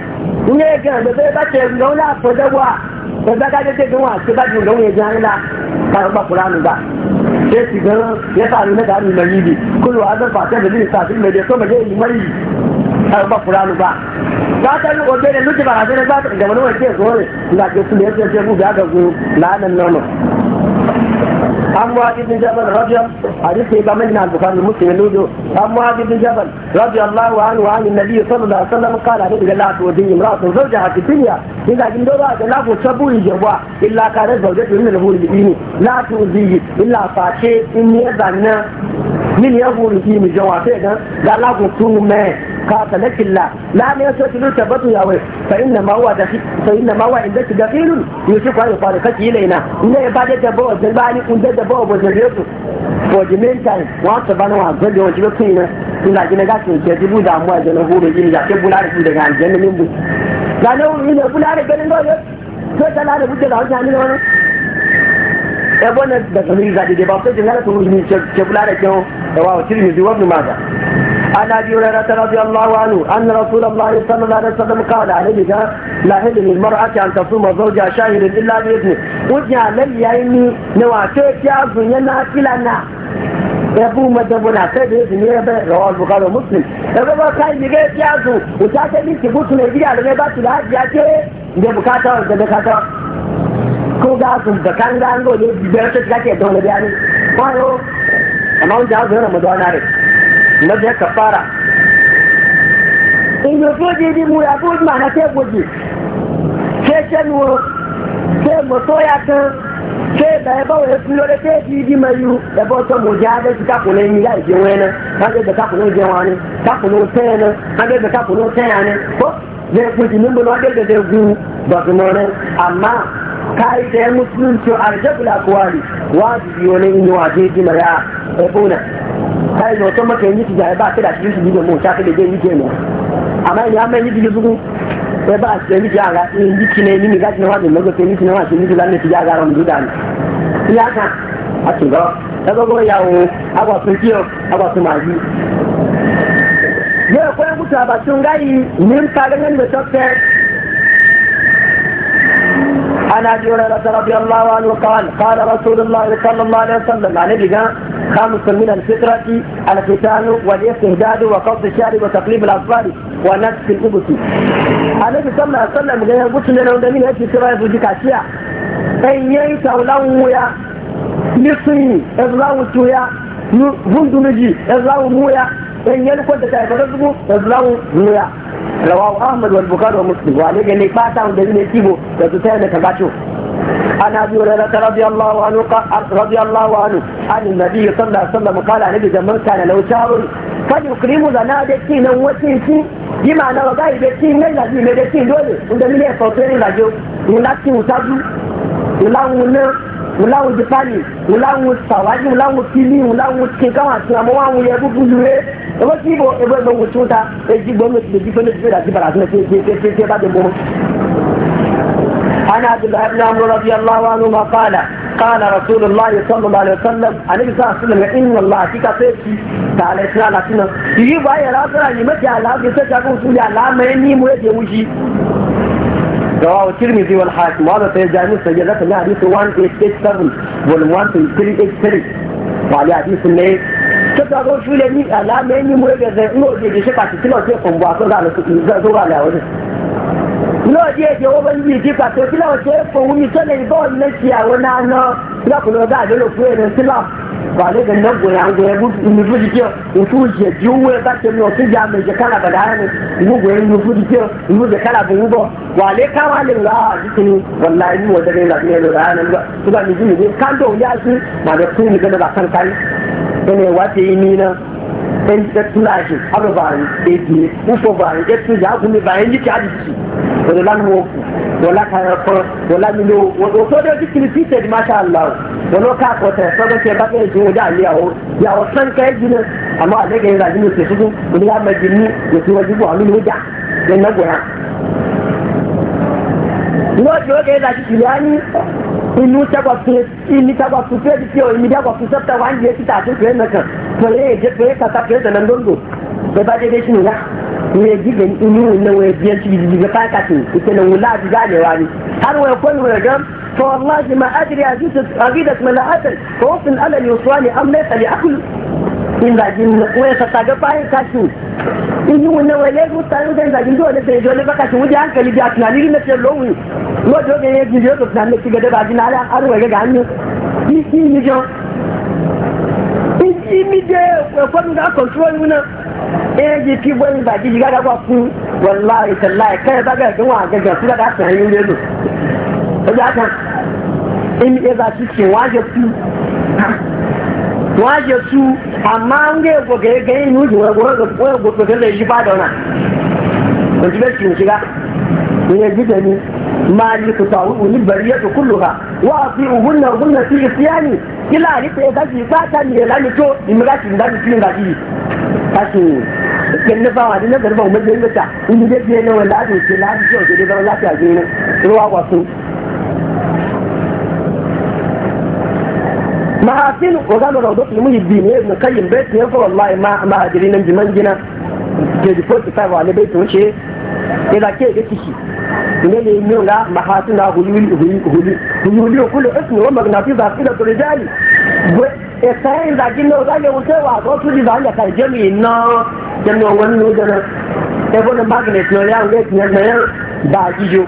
ne ga da bai ba da daga da ce gawa ce ba ji gawa ya ji hangila ba ba kuranu ba sai su gan ya faru na garu na yi ne kullu azan fatan da zai safi mai da so ba zai yi mari ba ba kuranu ba ba ta yi obe da nuke ba a zai ba ta gaba na ke zo ne da ke su da ya ce bu ga ga zo la'anan nono عن معاذ بن جبل رضي حديث يبامنا عن البخاري ومسلم اللودو عن معاذ بن جبل رضي الله عنه وعن النبي صلى الله عليه وسلم قال هذه لا تودي امرأة زوجها في الدنيا إذا كنت لا لا تسبوا يجوا إلا كانت زوجته من الهول لا تؤذيه إلا فاشي إني أذنى min ya buru ki mi jawa sai dan da la ku tu me ka ta lakilla la ne so ta tabatu ya wai fa inna ma wa dafi fa inna ma huwa inda dakilun yusufu ayu fa ka ki ilaina ne ba da da bawa da bani kun da bawa ba da yesu for the meantime wa ta bana wa zan da wani ba ina gina ga ki ke dubu da mu a jana horo gini ya ke bulare da daga aljanna min bu da ne ne bula ganin ga sai ta la da bude da hanya ne wannan ya bane da sanin zaɗi da ba sai jin halatta musulmi ke kula da kyau da wa wakil mai zuwa nu maza عن ابي هريره رضي الله عنه ان رسول الله صلى الله عليه وسلم قال عليه لا يحل للمراه ان تصوم زوجها شاهدا الا باذنه وجع لي يعني نواتيك يا زنينا كلنا yabu madabuna sai da yake ne ba rawal bukhari muslim daga ba kai ni ga ya zo wuta ta miki butu ne gida da ba su da hajiya ce da bukata da bukata ko ga su da kan ga an go ne biyar ta take da wani bayani kwayo amma wanda ya zo ramadan na ne na da kafara in yo ko je di mu ya ko ma na ke goji ke chen wo ke mo so ya kan ke da ba wa su lore ke di di mayu da ba to mu ja da ka ko ne ni ya je wena ka da ka ko ne je wani ka ko ne te ne ka da ka ko ne te ne ko zai kuji mun ba na da da gu ba su amma kaida ya musulunci arjabul akwali wajibi wani in waje ji mara ya ƙona kaida wata maka yin yi ba ta da shi su gidan mu ta da zai yi kenan amma ni amma yi ji zugu ya ba su yi ji ara in ji kine ni ni gaji na wajen lagos ni kine wajen ni ji lalle ti jaga ran duda ni ya ka a tun ga ta gogo yawo agwa sun kiyo agwa sun maji ya kwai mutu a bakin gayi nin ganin da tafiyar عن ابي هريره رضي الله عنه قال قال رسول الله صلى الله عليه وسلم عن ابي خمس من الفطره الختان والاستهداد وقص الشعر وتقليب الاطفال ونفس الابس النبي صلى الله عليه وسلم قال يقول لنا ودمين هيك سيرا يفوجي كاشيا ان ينسى ولويا نصي ازلاو تويا فندنجي ازلاو مويا ان ينكو تتعبد الزبو ازلاو مويا rawahu ahmad wal bukhari wa muslim wa daga ne fata da tibo da su da ka ana bi wa rarata radiyallahu anhu radiyallahu anhu nabi sallallahu alaihi da manta na lautawur kan da na da nan ma na ga ide kin ne da bi da dole inda ne ya fauce ne da wùláwù jìpáàlì wùláwù sàwájú wùláwù fílì wùláwù kékáwà àti àmọ́ wà wù yẹ búburú ju rẹ ẹgbẹ́ tí ibo ẹgbẹ́ ìgbẹ́ wò tún ta èjì gbọ́n ti lèjì fẹ́lẹ́ fẹ́lẹ́ àti bàrà fẹ́lẹ́ fẹ́lẹ́ fẹ́lẹ́ fẹ́lẹ́ bá dé bọ́. ana abdullahi radiyallahu anhu ma qala qala rasulullah sallallahu alaihi wasallam anabi sallallahu alaihi wasallam inna allah tika feki ta ala isra la tuna yi ba ya la sara ni ala bi ta ga ku la mai ni mu رواه الترمذي والحاكم وهذا سيجعل سجلة من حديث 1887 وال 1383 وعلى حديث النبي kẹta ọgọ fúlẹ ní àlàmẹ ní mo ẹgbẹgbẹ ní òde ìdíṣẹ pàtìkì náà tí ó da àtọ́gà lọ́wọ́ àlàwọ́ ní. ní òde èdè owó bẹ́ẹ̀ níbi ìdí pàtó kí náà ṣe é fowó mi sọ́lẹ̀ ìbọ́ọ̀lù náà ṣe àwọn na ná lọ́kùnrin ọgá àdólò fún ẹ̀rọ sílọ̀. wàlẹ́ bẹ ní gbòòrò àwọn gbòòrò ẹbú k'a di kíọ ìfú jẹ di owó ẹgbà tẹmí ọtún jẹ àmì ìjẹ kala bàdà ara ni ìwú gbòòrò ìnùfú di kíọ ìwú jẹ kálá bòwú bọ wàlẹ́ káwá lè rà á àti kìnnì wàlá inú wọn dẹbẹ ìlànà ìlànà ìlànà ìlànà ìlànà nígbà mi jù mí ní kándò yá sí màdà fún mi gẹ́gẹ́ bá kán kárí ẹni ẹ̀wá ti ni na. ɗan ɗattu na ake haɗa bayan ɗaiɗi ufo bayan ɗattu ya kuma bayan yake a jiki wani lan wofu wala kayan fa wala milo wato da yake kilifi ta di masha Allah wani ka kota sabon ke ba ɗaya jiwo da aliyawo ya wasan kayan jini amma a daga yin rajin ke su wani ya mai jini ya tuwa jibo a milo da yan na gona. Yau ce wata ya zaci kiliyani inú tagwasu ini tagwasu fe di kiyo sabta tun fe na kan je fe ka ta fe da nan dondo ba shi ne ga inú we ci ka ka ga ne wani har wai ko ne ga to wallahi ma adri ajitu aqidat mala'atan ko fil alal yuswani am laysa li inzagin wani sassaga bayan kashi in yi wannan wani yanzu tsarin da inzagin dole sai dole ba kashi wuce hankali na ce lowi lo doge ya ji yau tunanin na shiga da ba jina ga hannu in yi mi wallahi tallahi ga gawa waje su amma an ga yagwa ga yagwa nuji wa ga da shi wana ji shiga ya gida ni ni fi isyani ni ta ga ji ba ta la ni to ni ni ga ji ta na fawa ni na garba da ta in ji ne wanda ake la ji da ji ne ruwa kwasu mahasin wagano da wadoki muhibbin ya ibn kayyin baitin ya fara Allah ma mahajiri nan jiman gina ke ji fosu ta wani baitin wuce ya da ke ga ciki ne ne yi nuna mahasin na hululi hululi hululi kullu ismi wa magnati za su da su rijali e sai da gin no da ne wuce wa ko su da kai jami na jami wani ne da na e bona magnet no ya ne ne ba jijo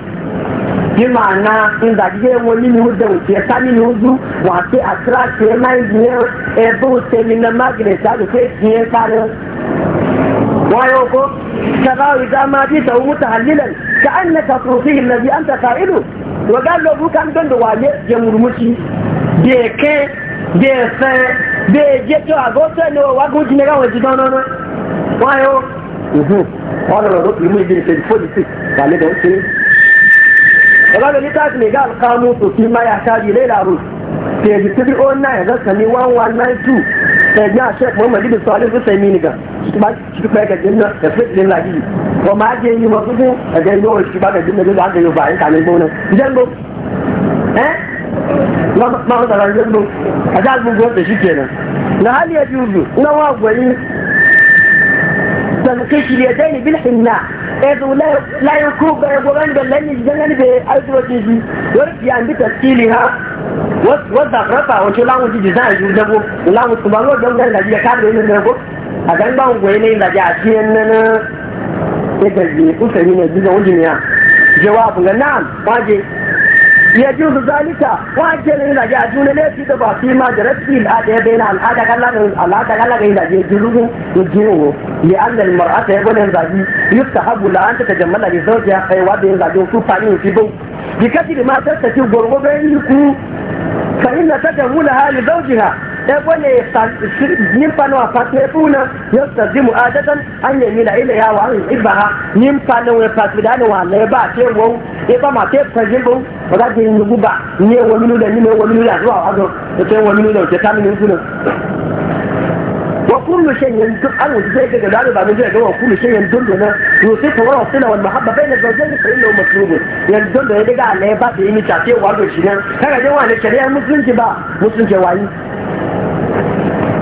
bí màánà ìdàgídé wo nínú dẹ̀ òsì ẹ̀ká nínú ojú wà sí àtúrásì ẹ̀ máa ń yẹn ẹ̀bùn tẹ̀mí náà mágìrẹ̀tì àdùkẹ́ ìyẹn kárẹ́. wọ́n yóò kó sàbáwò ìdá ta bí ta mú Ka ká ẹ̀ nẹ́ta tòfin ìlẹ̀bí àǹtà kàílù wọ́gá lọ́bù ká ń dọ̀ndọ̀ wà yẹ jẹmùrùmùsì bí èké bí ẹ̀fẹ́ bí èjé tó àgọ́ sẹ́ni wàgùn jìnnà káwọn ti dáná náà wọ́n yóò ọ̀rọ̀ lọ́dọ̀ kìí mú ibi ìfẹ́ 46 wà lẹ́dọ̀ọ́ daga da littafi ne ga alƙamu to fi ma ya kaji laila rus page 309 zan sami 1192 sai na shek muhammad ibn salih su sai mini ga ba shi kai ga jinna da fit din laji ko ma je yi ma kudu da ga yo shi ba ga jinna da ga yo ba in kanin eh ma ma da ran jinna a da mun go da shi kenan na hali ya juzu na wa gwani tanqishiyatayn bil hinna ezu layin kuba ya gobe da lanyi ganin bai aizuwa jiji yau ya bi tafsili ha wadda rafa wace lamun jiji za a yi dabo lamun su ba ruwa don ganin gaji ya kare yin dabo a gan ba ngwaye ne da ya ci yan nan ya gaji kusa ne ne bisa wajen ya jawabin ga na'am waje يجوز ذلك واجل إذا جاء دون ليس تبع ما جرت في الآية بين الآية قال لك الله قال لك إذا يجوز يجوز لأن المرأة يقول إذا يستحب لها أن تتجمل لزوجها خيوات إذا جوز فاني في بيت بكثير ما تستطيع غرغوبين يكون فإن تجملها لزوجها ɗago ne nimfa na wafa ta yafi wuna ya sardi an yi mila ila ya an iba ha nimfa na wani fasu da wa la ba te wau ya ba ma te fajin bu ba za ta yi nugu ba ne e wa minu da ni ne wa minu da zuwa wa zo da ta minu da wuce ta minu وكل شيء يندر أنا وزي كده ده بعد كده جوه كل شيء يندر لنا يوصف وراء الصلة والمحبة بين الزوجين فإنه مطلوب يندر لنا ده على بعض يمشي عليه وارجع شنو هذا جوه على شريعة مسلم جبا مسلم جواي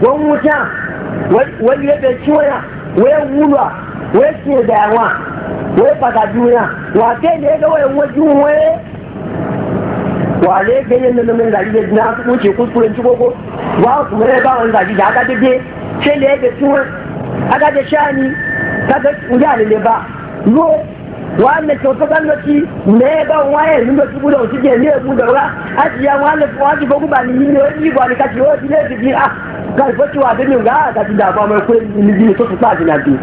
wọn wuta wani ya bẹ tiwaya wọn wulwa wọn tiɲɛ dayanwa wọn pata dunya wa ke ne ga wọn waju wọn wa ne ke ne nana min zaji de na su ce kuskuren ci ko wa kuma ne ba wani zaji da aka dade ce ne ga tiwa aka da shani kaga ne ba lo wannan kyautar gandoci ne ban waye rin da tubu da wasu ke ne mu da wura ajiya wannan waji ba guba ni ne wani ba ni kaci wani ne ji a karfa ciwa da ne ga ga da ba mai yi ni ji to su ta ji na ji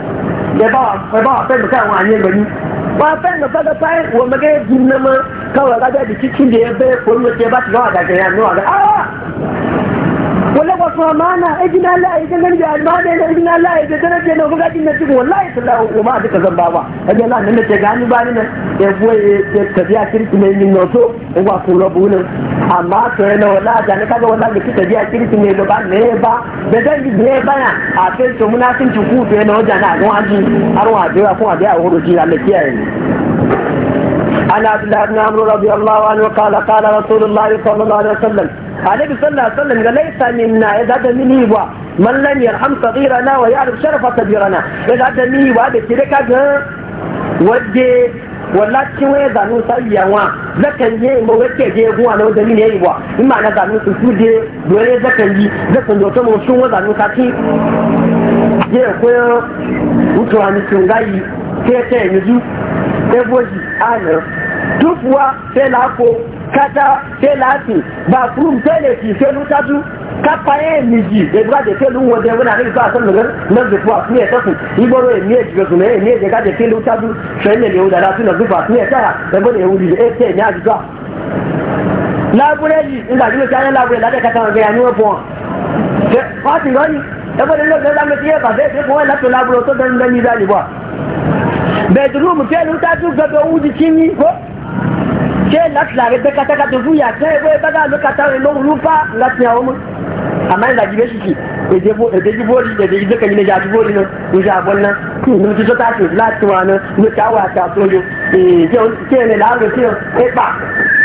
da ba ba ba fa mu kan wani gani ba fa da fa da fa wa maga ji na ma kawai ka da cikin da ya bai yi mu ce ba ta ga ga ya a wala ba su amana ajin Allah ya idan garbi almada da ajin Allah a idan garbi na buga din na cikin wallahi sallahu wa ma duka zan baba ajin Allah nan da gani ba ni nan ya boye ya tafiya kirki ne min noto in ba ku rabu ne amma to na wala da ne kaga wala da kika biya kirki ne ba ne ba da dan bi ne ba na a kai to munafincin ku to yana wajen na don aji har wa da kuma da a horo ji Allah kiyaye عن عبد الله بن عمرو رضي الله عنه قال قال رسول الله صلى الله عليه وسلم annabi sallallahu alaihi wasallam ga laisa minna ya zada mini ba man lam yarham saghirana wa ya'rif sharafa kabirana ya zada mini ba da kire ka ga wadde wala cin waya zanu sayyawa zakan je mu wake je guwa na wajen ne yi ba in ma na zanu su dole zakan yi zakan doto mu sun wa zanu sati je koyo mutuwa ni sun gayi sai ta yanzu sai boji anar tufuwa sai lako kata ka bathroom toilet ṣe ló tájú kápá ẹ̀ méjì ìgbàdé tẹ́lú wọn dẹ̀ wọn àríwá àtọ́nù rẹ̀ lọ́dún fún àfihàn ẹ̀sọ́kù ìgbọ́rọ̀ èmi ẹ̀jùgbẹ̀sùn mẹ́rin ní èdè kájẹ tẹ́lú tájú fẹ́lẹ̀ lè wọ́dà láti lọ́dún fún àfihàn ẹ̀sára ẹgbọ́n èwù lè ẹ̀tẹ́ ní àdúgbà. lábúrẹ́ yìí nígbà tí ó ti ayé lábúrẹ́ ládẹ́ kata wọn gẹ̀yà ní wọ́n fún wọn ti rọ́ọ̀nì ẹgbọ́n èlò ọ̀gá da yẹ bàbá ẹ̀ fún wọn látò lábúrẹ́ tó bẹ́ẹ̀ ń bẹ́ẹ̀ ní ko. ṣé láti láàrin pé kátàkátà fún ìyá tẹ́ ewé bága ló kàtà rẹ̀ lóhùn lúfà láti àwọn ọmọ àmọ́ ìlàjì méjìkì èdè jíbóòlì èdè ìdókè nílé ìjà jíbóòlì náà ìjà àbọ̀n náà kí ìlú ti sọ́tà sí láti wà náà ló ti àwọn àti àtúnyọ kí ẹ̀rẹ̀ láàrin sí ẹ̀pà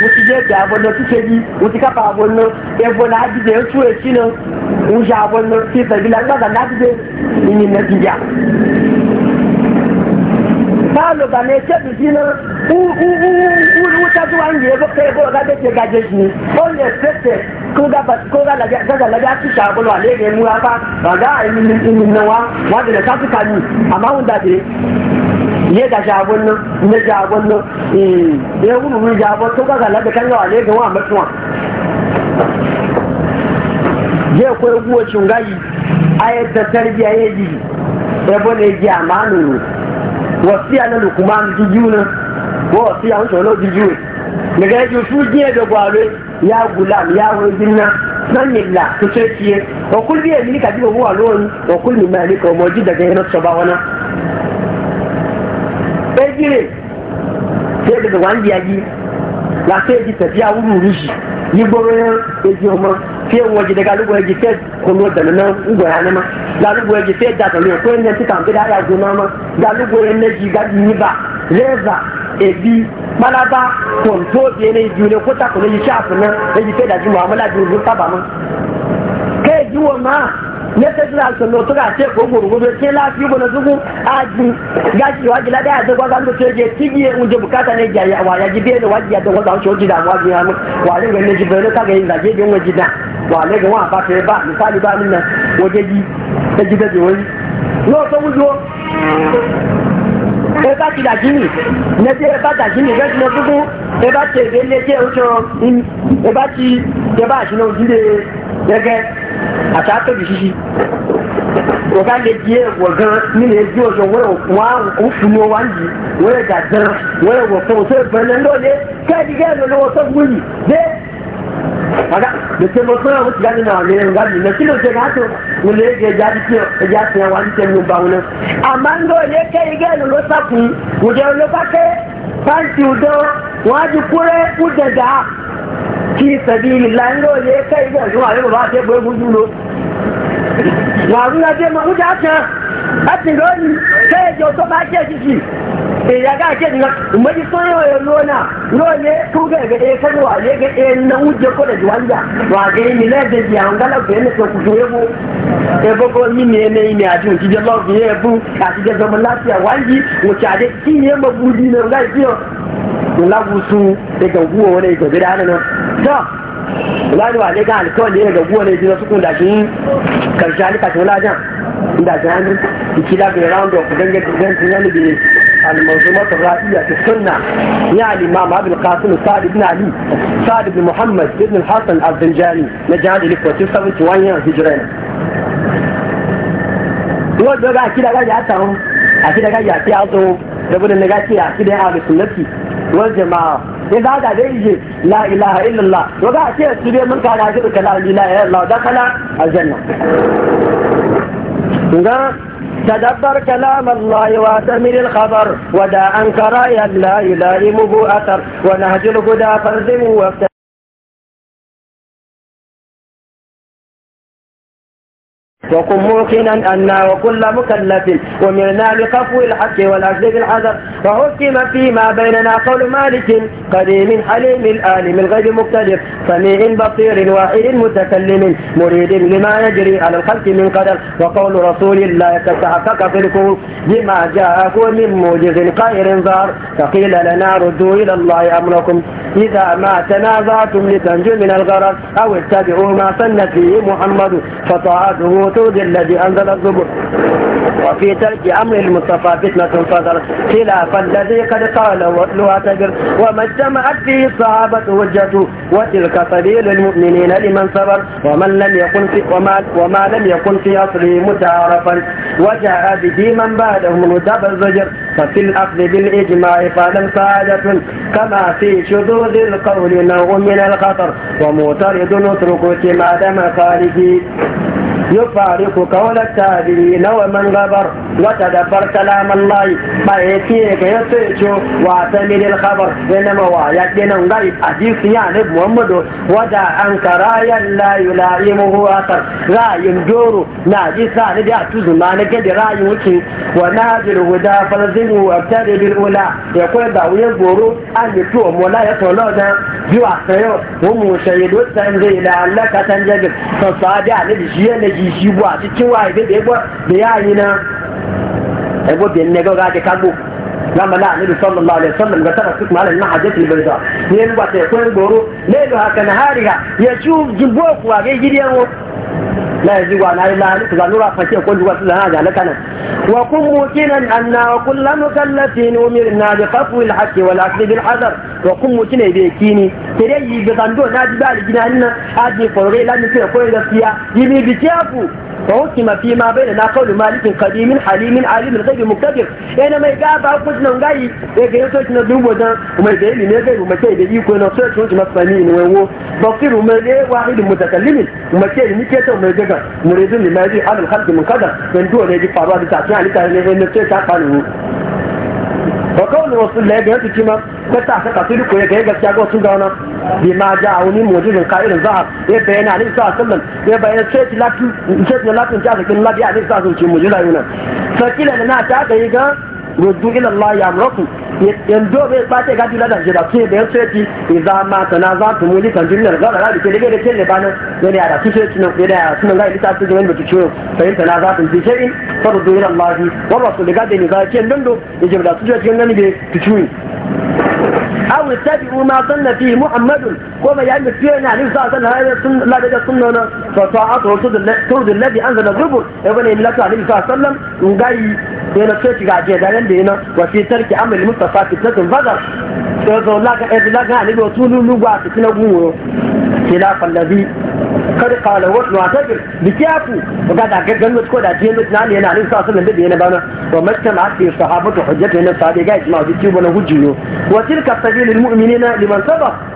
mo ti jẹ́ ìjà àbọ̀n náà títí ẹbí mo ti kápá àbọ̀n náà ẹ̀bọ̀n náà dìde ń tú èsì náà ìjà àbọ̀n náà ti fẹ̀bí lágbàdàn náà dìde ìyìn náà dìjà. galo ga ne ce biki na wuta zuwa ne ya zoka ya ga da ke gaje shi on the state ko ga ba ko ga ga ga ga ci ta bolo ale ne mu aka ba ga ni ni na wa da ka ka ni amma mun da dire ye da jabon ne jabon nan ya eh, wuru mu jabon to ga ga da kan e ga ale ga wa ye je ko guwa cungayi ayat da tarbiya yi ebo ne ji amanu wasiya na lukman juju na ko wasiya wancan wani juju ne daga yaji su jiya da gwaro ya gulam ya wajen na nan yalla ku ce ciye wa kulli ya milika jiba huwa ruwan wa kulli ma yalika wa ji daga yana saba wana ɗaya gire sai daga wani yaji la sai ji tafiya wuri wuri shi gbígbóró yẹn eji ọmọ fi ewu ọjì dẹka lóko ẹjì fẹ kolo dẹnu náà ngbọ ya nema galugo ẹjì fẹ dàtọ lóye kó ẹnẹ ti kàn fi dáyà gbó náà ma galugo ẹnẹjì gàdìyìnbà rẹva ebi kpalaba kòntó bìí ẹnẹ ju ne kóta kòló yìí sáàpù náà ẹjì fẹ dàjú wà á mọ lájú ìlú ma mọ kẹ́ẹ̀dì wọ̀ ma. yadda suna sanno suka ce ko gurgurbe fi lafi bana zugu aji gashi waji la da da gwaza da ce tibiye unje bukata ne jayi wa ya gibe da waji da gwaza shi waji da wa biya mu wa ne ne gibe ne kaga yin zaje bin waji da wa ne ga wa ba ta ba misali ba min nan waje ji ta gida je wani no to wujo e ba ti da jini ne je e ba da jini ga ne dugu e ba te ne je o cho e ba ti e ba shi no jide e gẹ́gẹ́ àtàtò bí ṣíṣí ọ̀gá lè di ẹ̀wọ̀ gan nínú ẹbí ọ̀sán wọ́n wà ó fún wọn wá yìí wọ́n ẹ̀dà gan wọ́n ẹ̀wọ̀ fún ọ̀sán ìpẹ́lẹ̀ lọ́lẹ̀ kẹ́ẹ̀dì kẹ́ẹ̀dì lọ́wọ́ sọ fún yìí dé ọ̀gá lèṣe mọ fún àwọn tìyá nínú àwọn ẹ̀rọ ìgbà nìyẹn kí ló ṣe ká ba wọn náà àmọ́ ń lọ́ọ̀lẹ́ kẹ́ẹ̀dì kẹ́ẹ̀dì ló sàkùn òjò ló bá kẹ́ pàǹtí ọ̀dọ́ wọn á ti kúrẹ́ kú dẹ̀dà kí sẹ̀bílì ne kai kẹ́ ìgbọ̀ yóò àwọn bàbá àti ẹgbẹ̀ ogun jùlọ wà rúra dé mọ̀ ń jà kan láti rọ́ọ̀lì kẹ́ ìjọ tó bá jẹ́ jìjì sai ya ga ake na umaji ya lona lone tu ga ga ɗaya kan wa ne ga ɗaya na wuje ko da juwanja wa ga ni na da ji an gala ko ne ko ku so yabo ko ni ne ne a jin ki je lo bi a ti je zama lafiya ki ne ma ne ga ji yo la bu da ga guwo wani ga da nan to wani wa ne ga alkawar ne ga guwa ne jina sukun da shi karshe halika tola jan da shi hannun ikila bai round of gangan gangan tunani biyu المنظومات الرائية في السنة يعني الإمام أبي القاسم سعد بن علي سعد بن محمد بن الحسن الزنجاني نجاني لك وتسوي توانيا هجرين wọ́n بقى ọgá àkídà gáyà àtàwọn àkídà gáyà àti àtàwọn dẹ̀bọ̀dẹ̀ nígbà tí àkídà àbẹ̀sùn lẹ́kì wọ́n jẹ̀ máa إذا هذا ليجي لا إله إلا الله وقع كيف تبين من كان عجبك لا إله إلا الله دخل الجنة نعم. تدبر كلام الله واتمر الخبر ودا أنكر لا يلائمه أثر ونهج الهدى فارزم وكن موقنا أنا وكل مكلف ومرنا بقفو الحق والأجل بالحذر وحكم فيما بيننا قول مالك قديم حليم الآلم غير مختلف سميع بصير واحد متكلم مريد لما يجري على الخلق من قدر وقول رسول الله تتحقق الكون بما جاءه من موجز قائر ظهر فقيل لنا ردوا إلى الله أمركم إذا ما تنازعتم لتنجو من الغرر أو اتبعوا ما سن فيه محمد فطاعته السود الذي أنزل الزبر وفي ترك أمر المصطفى فتنة صدرت خلاف الذي قد قال واتلوها تجر وما اجتمعت فيه الصحابة وجته وتلك سبيل المؤمنين لمن صبر ومن لم يكن في وما, وما لم يكن في أصله متعارفا وجاء به من بعده من دب الزجر ففي الأخذ بالإجماع فلم سعادة كما في شذوذ القول نوع من الخطر ومعترض اتركوا اعتماد مخالفه yufariku kawla tabiri na wa man gabar wata da far kalaman layi ba ya fiye ka ya so ico wa ta milil khabar ya nama wa ya dina ngai a jinsu ya ne muhammadu wada an kara ya layu layi mu huwa kar rayin doro na ji sa ne da tu zuma ne gadi rayin wuce wa na jir guda falzimu a ta da bil ula ya kwa da wuya goro an yi tuwa mola ya to lodan biwa sayo mu mu shaidu sanzai da allaka tanjabin sosa da ne da shi ya ne jiji wa cikin wa da ya yi na ebo biyan ne ga gaje لما لا نعم النبي صلى الله عليه وسلم قتلت على المحجة البيضاء من وقت يكون بورو ليلها كنهارها يشوف جبوك واجي يجري لا يزيغ عن هذه الله لك ظنورا فشيء كل جوات لنا هذا لكنا وقم موكنا أن وكل مكلفين أمرنا بقفو الحق والأكل بالحذر وقم موكنا بيكيني تريي بظندو نادي بالي جناننا هذه فرغي لن يكون كل جوات يمي بتيابو فحكم فيما بيننا قول مالك قديم حليم عليم غير مقتدر انا ما يقابع كل nan gayi da e ga yato na dubo dan kuma da yi ne kuma da iko na sai tun na sani ne wayo basiru mai ne wahid mutakallimin kuma kai ni ke ta mai daga muridun limaji alal khalq min qadar dan duwa ne ji faruwa da ta tsani ta ne ne sai ta faru kima ta ya gaskiya sun bi ma a wani mujizin ya bayyana alaihi ya bayyana sai sai kin labi alaihi sakila na ta ga yi ga ruddu ila Allah ya amraku yanzu bai bace gadi la da jira ke da ti tana za tu muli ga da ke da ke da yana ga da aw tabi'u ma sanna fi muhammadun ko ba ya mutu yana ne sa san hayar sun la da sunna na fa ta'atu turdu alladhi anzala rubu ibn illatu alayhi sallam ngai yana ce ki gaje da ran da yana wa fi tarki amali mustafa fitnatun bazar to zo la ga ibn la ga kada kala wasu na tafi bikiyafu ga da ga ganin ko da je na ne yana nan sa nan da yana bana wa mastama fi sahabatu hujjatu na sahabi ga ijma'u bi kibo na hujjiyo wa tilka sabilil mu'minina liman sabaq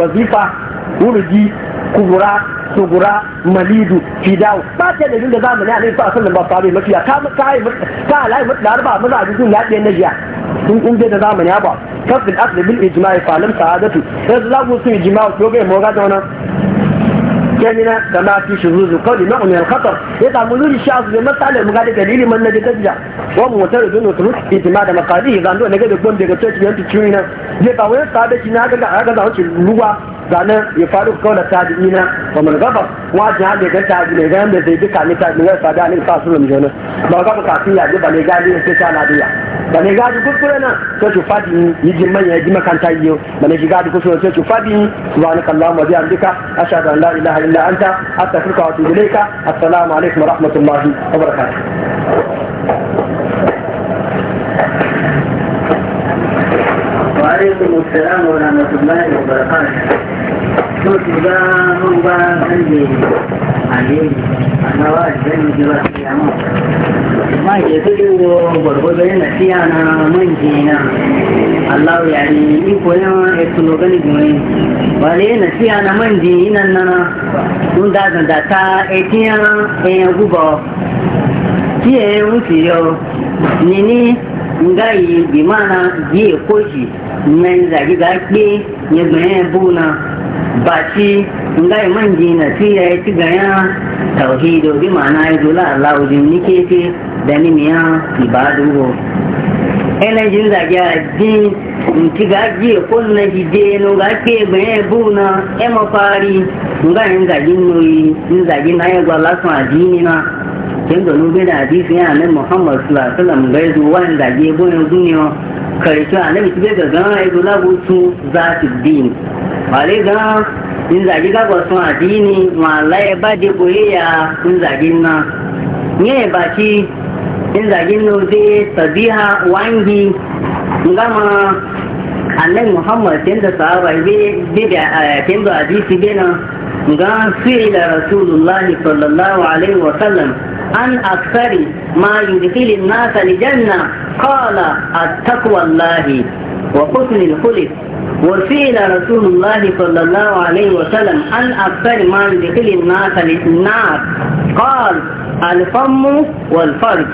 wazifa wurji kubura sugura malidu fidau ba ta da dinga zamani a nan sa sallan ba sabai mafiya ka ka ka alai mutu ba maza a dukkan lafiyar najiya sun kunje da zamani ba kafin asli bil ijma'i falam sa'adatu yanzu za ku su ijma'u ko ga mu ga da wannan kemina da ma fi shuzuzu kawai na umar khatar ya samu zuri sha su zai matsala mu gadi dalili man na ji gajiya wa mu mutar da mutum itima da makadi zan do na gadi gwam daga coci yanzu ciwina zai ba wani sabe shi na ga ga ga wuce ruwa zanen ya faru kawai da tabi'ina wa man gaba wa jin hada ga tabi'ina ga da zai duka ne tabi'i ga fada ne sa sunan jona ba ga ba kafin ya ba ne ga ne sai ta ladiya ba ne ga kuskure na to ki fadi yi jin manya ji makanta yi yau ba ne ga kuskure to ki fadi subhanaka allahumma wa bihamdika ashhadu an la ilaha illa anta astaghfiruka wa atubu ilayka assalamu alaikum wa rahmatullahi wa barakatuh وعليكم السلام ورحمة الله وبركاته tó ti bá ń bá sẹ́yìn àlè àgbáwá ìgbẹ́ni ìjọba ti àmọ́. Má jẹ́ tó lè wọ gbọ̀dọ̀gbọ̀dọ̀ yẹn láti àná mọ́ǹjì náà. Aláwọ̀ yàrá ipò yẹn ẹ̀tọ́ lọ́gán ìgbìmọ̀ Wàlẹ́ yẹn láti àná mọ́ǹjì iná nana ń dá gàdá ta ẹtí ẹ̀yàn gúbọ̀. Kí ẹ̀ ń tì yọ nìní. ngayi bi mana biye koji nan zagi ga ke ya ganye buna ba ci ngayi man ji na ci ya yi ci ganya tauhido bi mana ya zola Allah ni nike ce da ni miya ibadu ene jinza ja ji mtiga ji kunna jideno ga ke me buna e mo pari nga jinza jinno yi jinza jinna ya gwa lasu adini na jinzo nu be da hadisi ya ne muhammad sallallahu alaihi wasallam ga zu wanda je boye dunyo karshe annabi tibe ga ga ai dole butu zati din wale ga jinza ji ga gwa su adini wala e ba ya jinza jinna ne ba ci in zagin nuzi sabiha wangi ngama annabi muhammad tin da sahaba be be da tin da hadisi be na ga fi'ila rasulullah sallallahu alaihi wa sallam an aksari ma yudkhilu an-nasa li janna qala at-taqwa allah wa husnul khuluq وسئل رسول الله صلى الله عليه وسلم عن أكثر ما يدخل الناس للنار قال الفم والفرج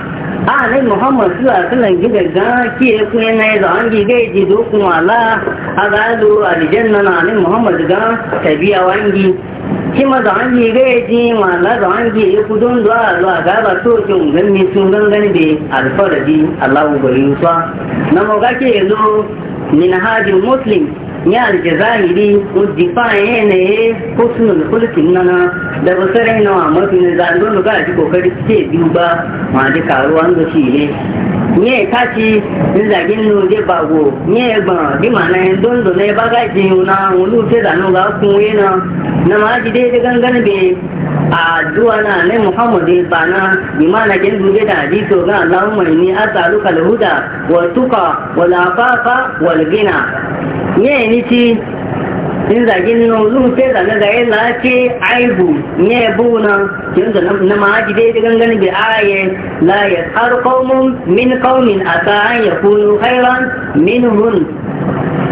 ààrẹ muhammad sula sula gida gan kí ekun yẹn náà zọ angi gai ji dokun ala agalu alijanna na ààrẹ muhammad gan àwọn angi kí ma zọ angi gai ji ma la zọ angi eku don zọ alo mi sun gangan na muslim ya aljazahiri ko jifa yanayi ko sunan kulkin nana da wasu raina wa mafi na zangon ga ji kokari ce biyu ba ma ji karuwa da shi ne nye kaci nzagin nu je bago nye gbọn bi ma na dondo na ba ga ji na wulu te da nu ga kun ye na na ma ji de de gangan be a duwa na ne muhammadu e ba na imana jin duje da ji to ga allahumma inni as'aluka al-huda wa tuqa wal afafa wal ghina ni ti in zage ni yanzu mu sai zane zage la ce aibu ne bu na da na maji dai da gangan bi aye la ya qawmun min qawmin asa yakunu khairan minhum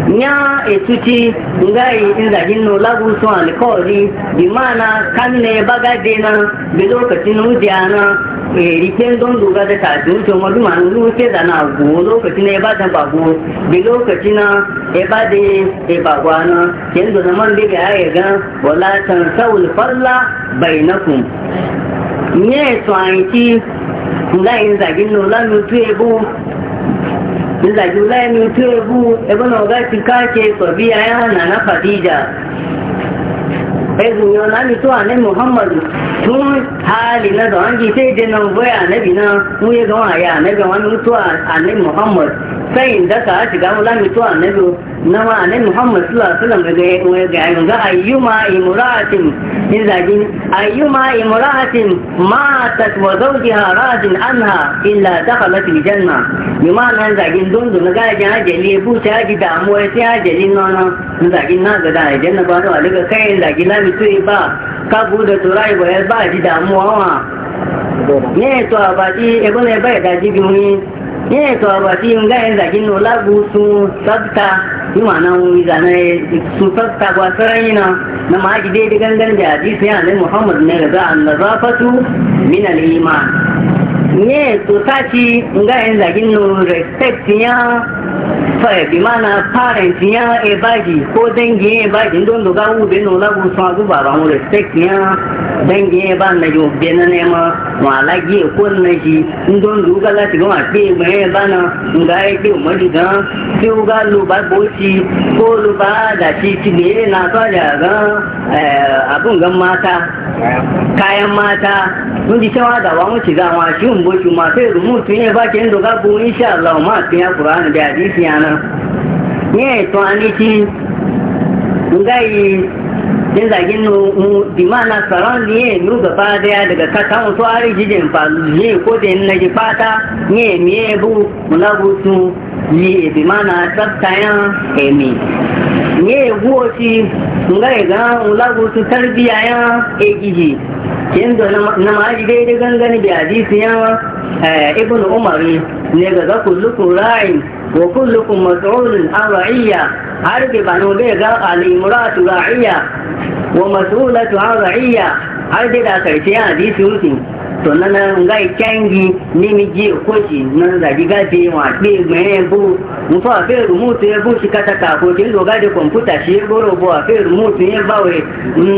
nya etuti ngai inda no lagu an alkori bi mana kanne bagade e, na bi lokacin ujiya na riken don lura da du to mu man nu ke da na go lokacin ne ba da bago bi lokacin na e ba de e bagwa na kin da man de ga ya ga wala tan saul farla bainakum nya to an ti ngai inda no lagu e bu nígbàjú lẹ́nu tí ó ya ẹgbọ́n ọ̀gá ti káàkiri pọ̀ bí ayé hàn nàná muhammadu tun hali na da wangi sai da nan bai annabi na mu ya gawa ya annabi wani mutuwa annabi muhammad sai da ka shiga mu lami to annabi na ma annabi muhammad sallallahu alaihi wasallam ga ga ga ga ayyuma imra'atin in zagin ayyuma ma matat wa zawjiha radin anha illa dakhalat al janna bima nan zagin don don ga ga jali bu ta ji damuwa sai jali nono zagin na ga da janna ba da ga kai zagin lami to ba kágun lè tó ráyè wẹ̀ bá àti dààmú ọ̀hún à. ní ètò àbàtì ẹgbọ́n ẹ̀bá ìdájí bí wọ́n ní ètò àbàtì ńgá ẹ̀ ńdàjí ní ọlágun sun sábìtà níwọ̀n náà ń wíjà náà sun sábìtà gba fẹ́rẹ́ yín náà na máa jí déédéé gángan bí àdìsí àlẹ́ muhammadu ní ẹ̀rọ ànàbá fatu mínà lè ne máa. ní ètò táàkì ńgá ẹ̀ ńdàjí ní respect yẹn bi mana parent ya e bagi ko dangi e bagi don do gawu be no lagu so agu ba ba mu respect ya dangi e ba na yo bena ne ma ma lagi e ko na ji don do ga ti ma pe me e ba na nga e ti o mo di gan ti o ga lu ba bo ti ko lu ba da ti ti ne na to ya ga eh abun gan mata kayan mata mun ji cewa da wa ci ga wa shi un bo shi ma sai rumu tun e ba ke ndo ga bu insha Allah ma tin ya Qur'ani da hadisi ya nan ye to an ci ngai din zagin nu di mana saron ye nu gaba daya daga kasan to ari jijin fa ye ko da na ji fata ye miye bu mulabu su ye di mana tsaftayan emi ye guoci ngai ga mulabu su tarbiya ya egiji kendo na dai daidai gangani da hadisi ya eh, ibn umar ne ga zaku lukun ra'in wa kullukum mas'ulun an ra'iyya har ke banu bai ga al-imratu ra'iyya wa mas'ulatu an ra'iyya har da karshe hadisi mutum to nana ngai kyangi nimi ji koji nan da diga be wa be me bu mu fa be remote e bu shi kata ka ko tin doga de computer shi e goro bo a be remote ne bawe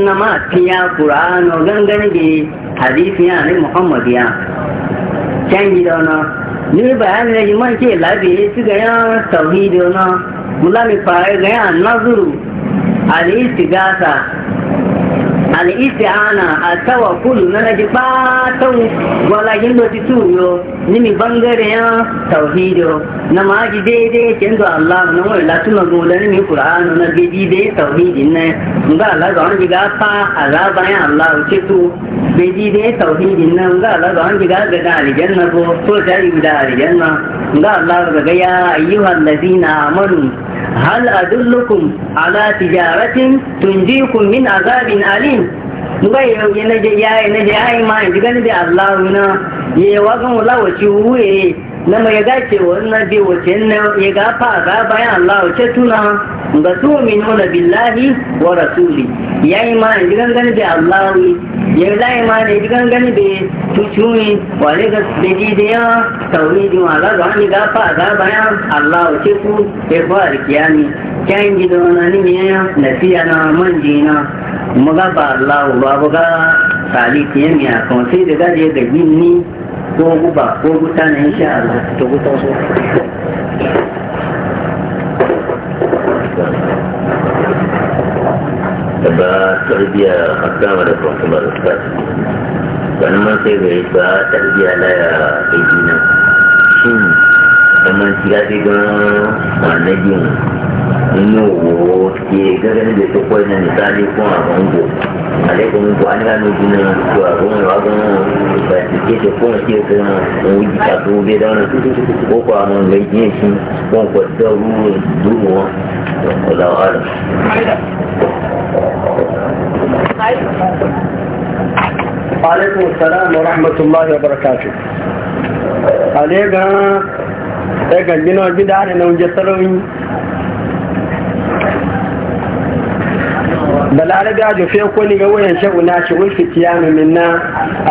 na ma tiya qur'an o gangani be hadisi ya ne muhammad ya kyangi da na ni bayan ne man ke labe su ga ya tauhid na mulami fa e ga ya nazuru al-istighatha al'isti'ana a tawakkul na naji fatan walakin da ti tuyo ni mi bangare ya tauhido na ma ji daidai kin da Allah na wani latu na gola ni mi qur'anu na ji daidai tauhidin ne nga Allah ga wani ga fa azaba ya Allah ce to bai ji daidai tauhidin ne nga Allah ga wani ga ga da aljanna ko so da yi da aljanna nga Allah ga ya ayyuhal ladina amanu hal adullukum ala tijaratin tunjikum min azabin alim nga ye na je ya na je ai ma ji gani da Allah na ye wa gan wala wace wuye na ma ya gace wannan bi wace na ya ga fa ga bayan Allah wace tuna ga tu'minuna billahi wa rasuli yayi ma in ji gani da Allah yi ma da gidan gani bai tucuni wale ga daji da yawa tauri da ma ga wani gafa a ya Allah wa ce ku ya kuwa da kiyami kyan gida wani ne ya nasiya na manji na kuma gaba Allah ba bu ga sali kiyami a kan sai da gaje ga gini ko guba ko guta na insha Allah to guta so ba tarbiya assalamu da kuma ustaz wannan sai gari ba tarbiya ya aiki shi da ti adé ya an wà nínú òwò ti gẹ́gẹ́ níbi tó pọ̀ ní misali kuma a bangon ale ko an ga no dina ko a wa gon ba ke to ko ke ko o yi ta to be da na ko ko an ga yin shi ko ko da ru du mo ko da ala alaikum assalam wa rahmatullahi wa barakatuh alega daga e gina gida ne na wajen sarawin balare da jo fe ko ni ga wayan shehu na shi wai fitiyanu minna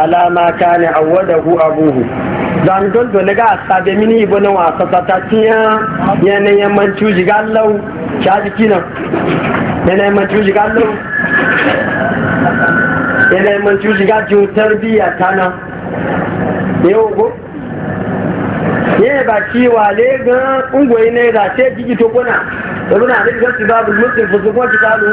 alama kana awadahu abuhu dan don don ga sabe mini ibo na wasa ta tiya yana yaman tuji gallau shaji kina yana yaman tuji gallau yana yaman tuji gaju tarbiya tana yau go ye ba wa le ga ungoyi ne da ce gigi to kuna da muna da gasu babu mutum fusu kuma kitabu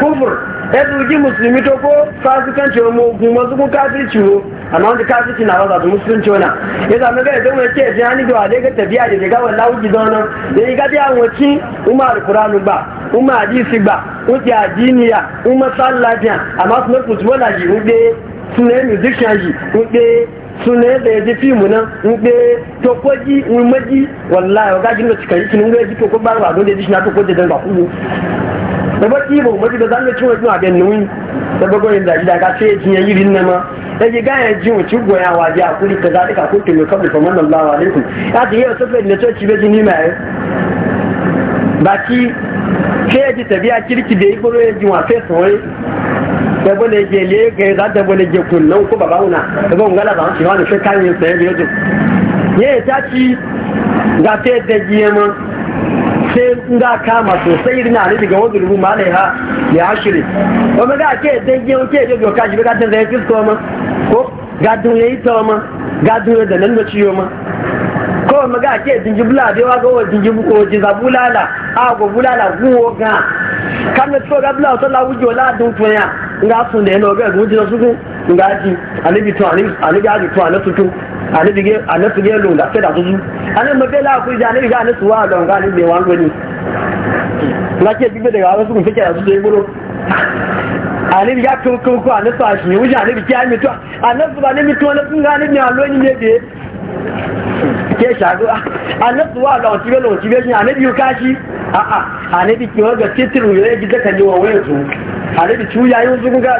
kufur ẹ̀dùn jí mùsùlùmí tó kó fásikẹ́ntì ọmọ ogun mọ́sùkún káfíìtì wo àmọ́ ní káfíìtì náà wọ́n sàtún mùsùlùmí tí ó nà yíta mẹ́fẹ́ ìdánwò ẹ̀kẹ́ ẹ̀sìn ánídò ji tẹ̀bí àdèdè gáwọ̀ láwùjì dáná èyí kájí àwọn tí ọmọ àlùkùránù gbà ọmọ àdìsí gbà ó ti àdínìyà ọmọ sálàdìà àmọ́ sùnmọ́ kùtùmọ́là yìí musician suna ya ji fimu nan ji in maji wallahi ga jin da suka yi kin ga ji to ba ba don da ji na da baki ba mu da zanga ciwo ciwo abin nuni da bago yin da da ka ce ya yi rinna ma da ji gaya ji mu ci goya wa ji akuri kaza duka ko to me kabul fa manna Allah alaikum ya ji yau sai ne to ci be ji ni mai baki ke ji kirki da yi goro ya ji wa sai soyi da bane je le ga da bane je kullun ko baba una da ban gala ba shi wani sai kan yin sai biyo ji ye ta ci ga te da ji ma sai ga kama sosai irin na daga wani rubu ma ha ya ashiri wani ga ke dan yau ke da shi ga tan zai ma ko ga dun ma ga dun da nan da ciyo ma ko ma ga ke din jibla da ga wajin jibu oji ji zabulala a go bulala guwo ga kan da to ga bla to la wujo la dun to nga sun da no ga gujo su ji alibi to alibi alibi to ala anẹ́fìgẹ́ lò láfẹ́dà tuntun anẹ́mọ̀fẹ́ láàkú ìjà anẹ́fìgẹ́ anẹ́sùwà àdọ̀ǹgá anẹ́gbẹ̀ wọn lónìí láti ẹ̀bí gbẹ̀dẹ̀ wà wọ́n fún fẹ́kẹ̀ àtúntò ìgbóró anẹ́fìgẹ́ kankankan anẹ́sù àṣìyàn wúṣà anẹ́fìgẹ́ àmìtọ́ anẹ́sùwà anẹ́mìtọ́ anẹ́fìgẹ́ anẹ́gbẹ̀ wọn ne léde ke shago anẹ́sùwà lọ́ọ̀tíwẹ́ lọ́ọ̀tíwẹ́ ní anẹ́bí káṣí anẹ́bí kí wọ́n gẹ̀ títìrù yẹ́ gidẹ́ kan yi wọ́n wẹ́ẹ̀tù anẹ́bí tí ó yá yóò zukun ká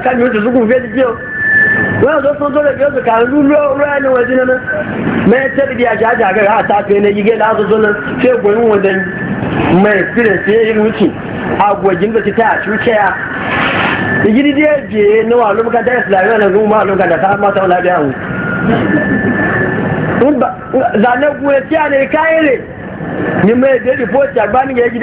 wọ́n tó tún tó lè fi oṣù kan lú lọ́rọ́ ẹni wọ́n sínú náà mẹ́tẹ́ bíi àṣàjà àgbẹ̀rẹ̀ àtàkì ẹni yíké láàtúntò náà ṣé ègbò ń wọ̀n dẹni mọ ìpírẹ̀sì ìlú tì àgbò ìjì nígbà títà àtúnṣe ya ìjì dídí èjì na wà lóun kàdá ìsìlá ìwé ẹ̀nà gbọ́n máa lóun kàdá sáà máa sáwọn lábẹ́ àwọn. zanẹ́gun etí àná ni mo èdè rìpọ́ọ̀tì àgbáníyẹ̀ ìjì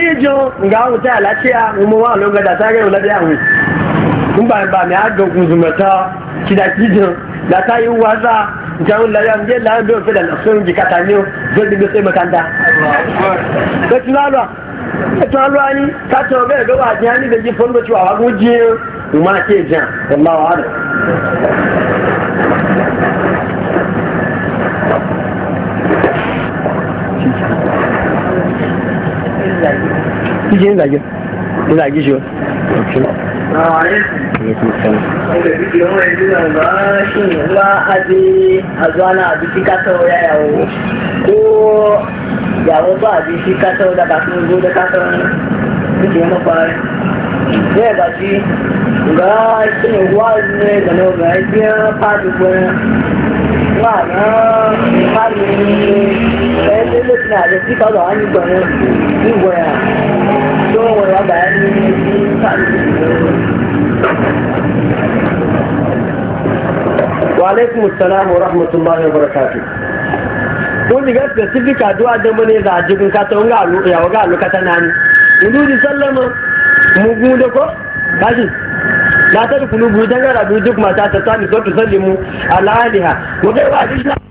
kí àlàáfíà ń mú sáré kun ba ba mai aga guzumata kida kijin da ta yi waza jawon laya je la do fe dan asun ji kata ni zo di se ka to be da ji fondo ci wa ìyàwó bá àbí sí kátó dábàá fún gbogbo kátó ní kí n mọ́ parí bẹ́ẹ̀ bá sí ìgbà tí mo wá ní ìgbàlẹ́ obìnrin tí wọ́n pàdé gbọ́n wà náà pàdé ní ẹgbẹ́ lóṣù náà àti síkà ọ̀dọ̀ wọn ní gbọ̀n náà ní ìwọ̀n yà tó wọ̀n yà ní pàdé gbọ̀n wa alaikum assalam wa rahmatullahi wa barakatuh ko za a jikin ka ya waga lokata di sallama mu ko kashi ta duk mata ta ta ni sallimu mu ga wa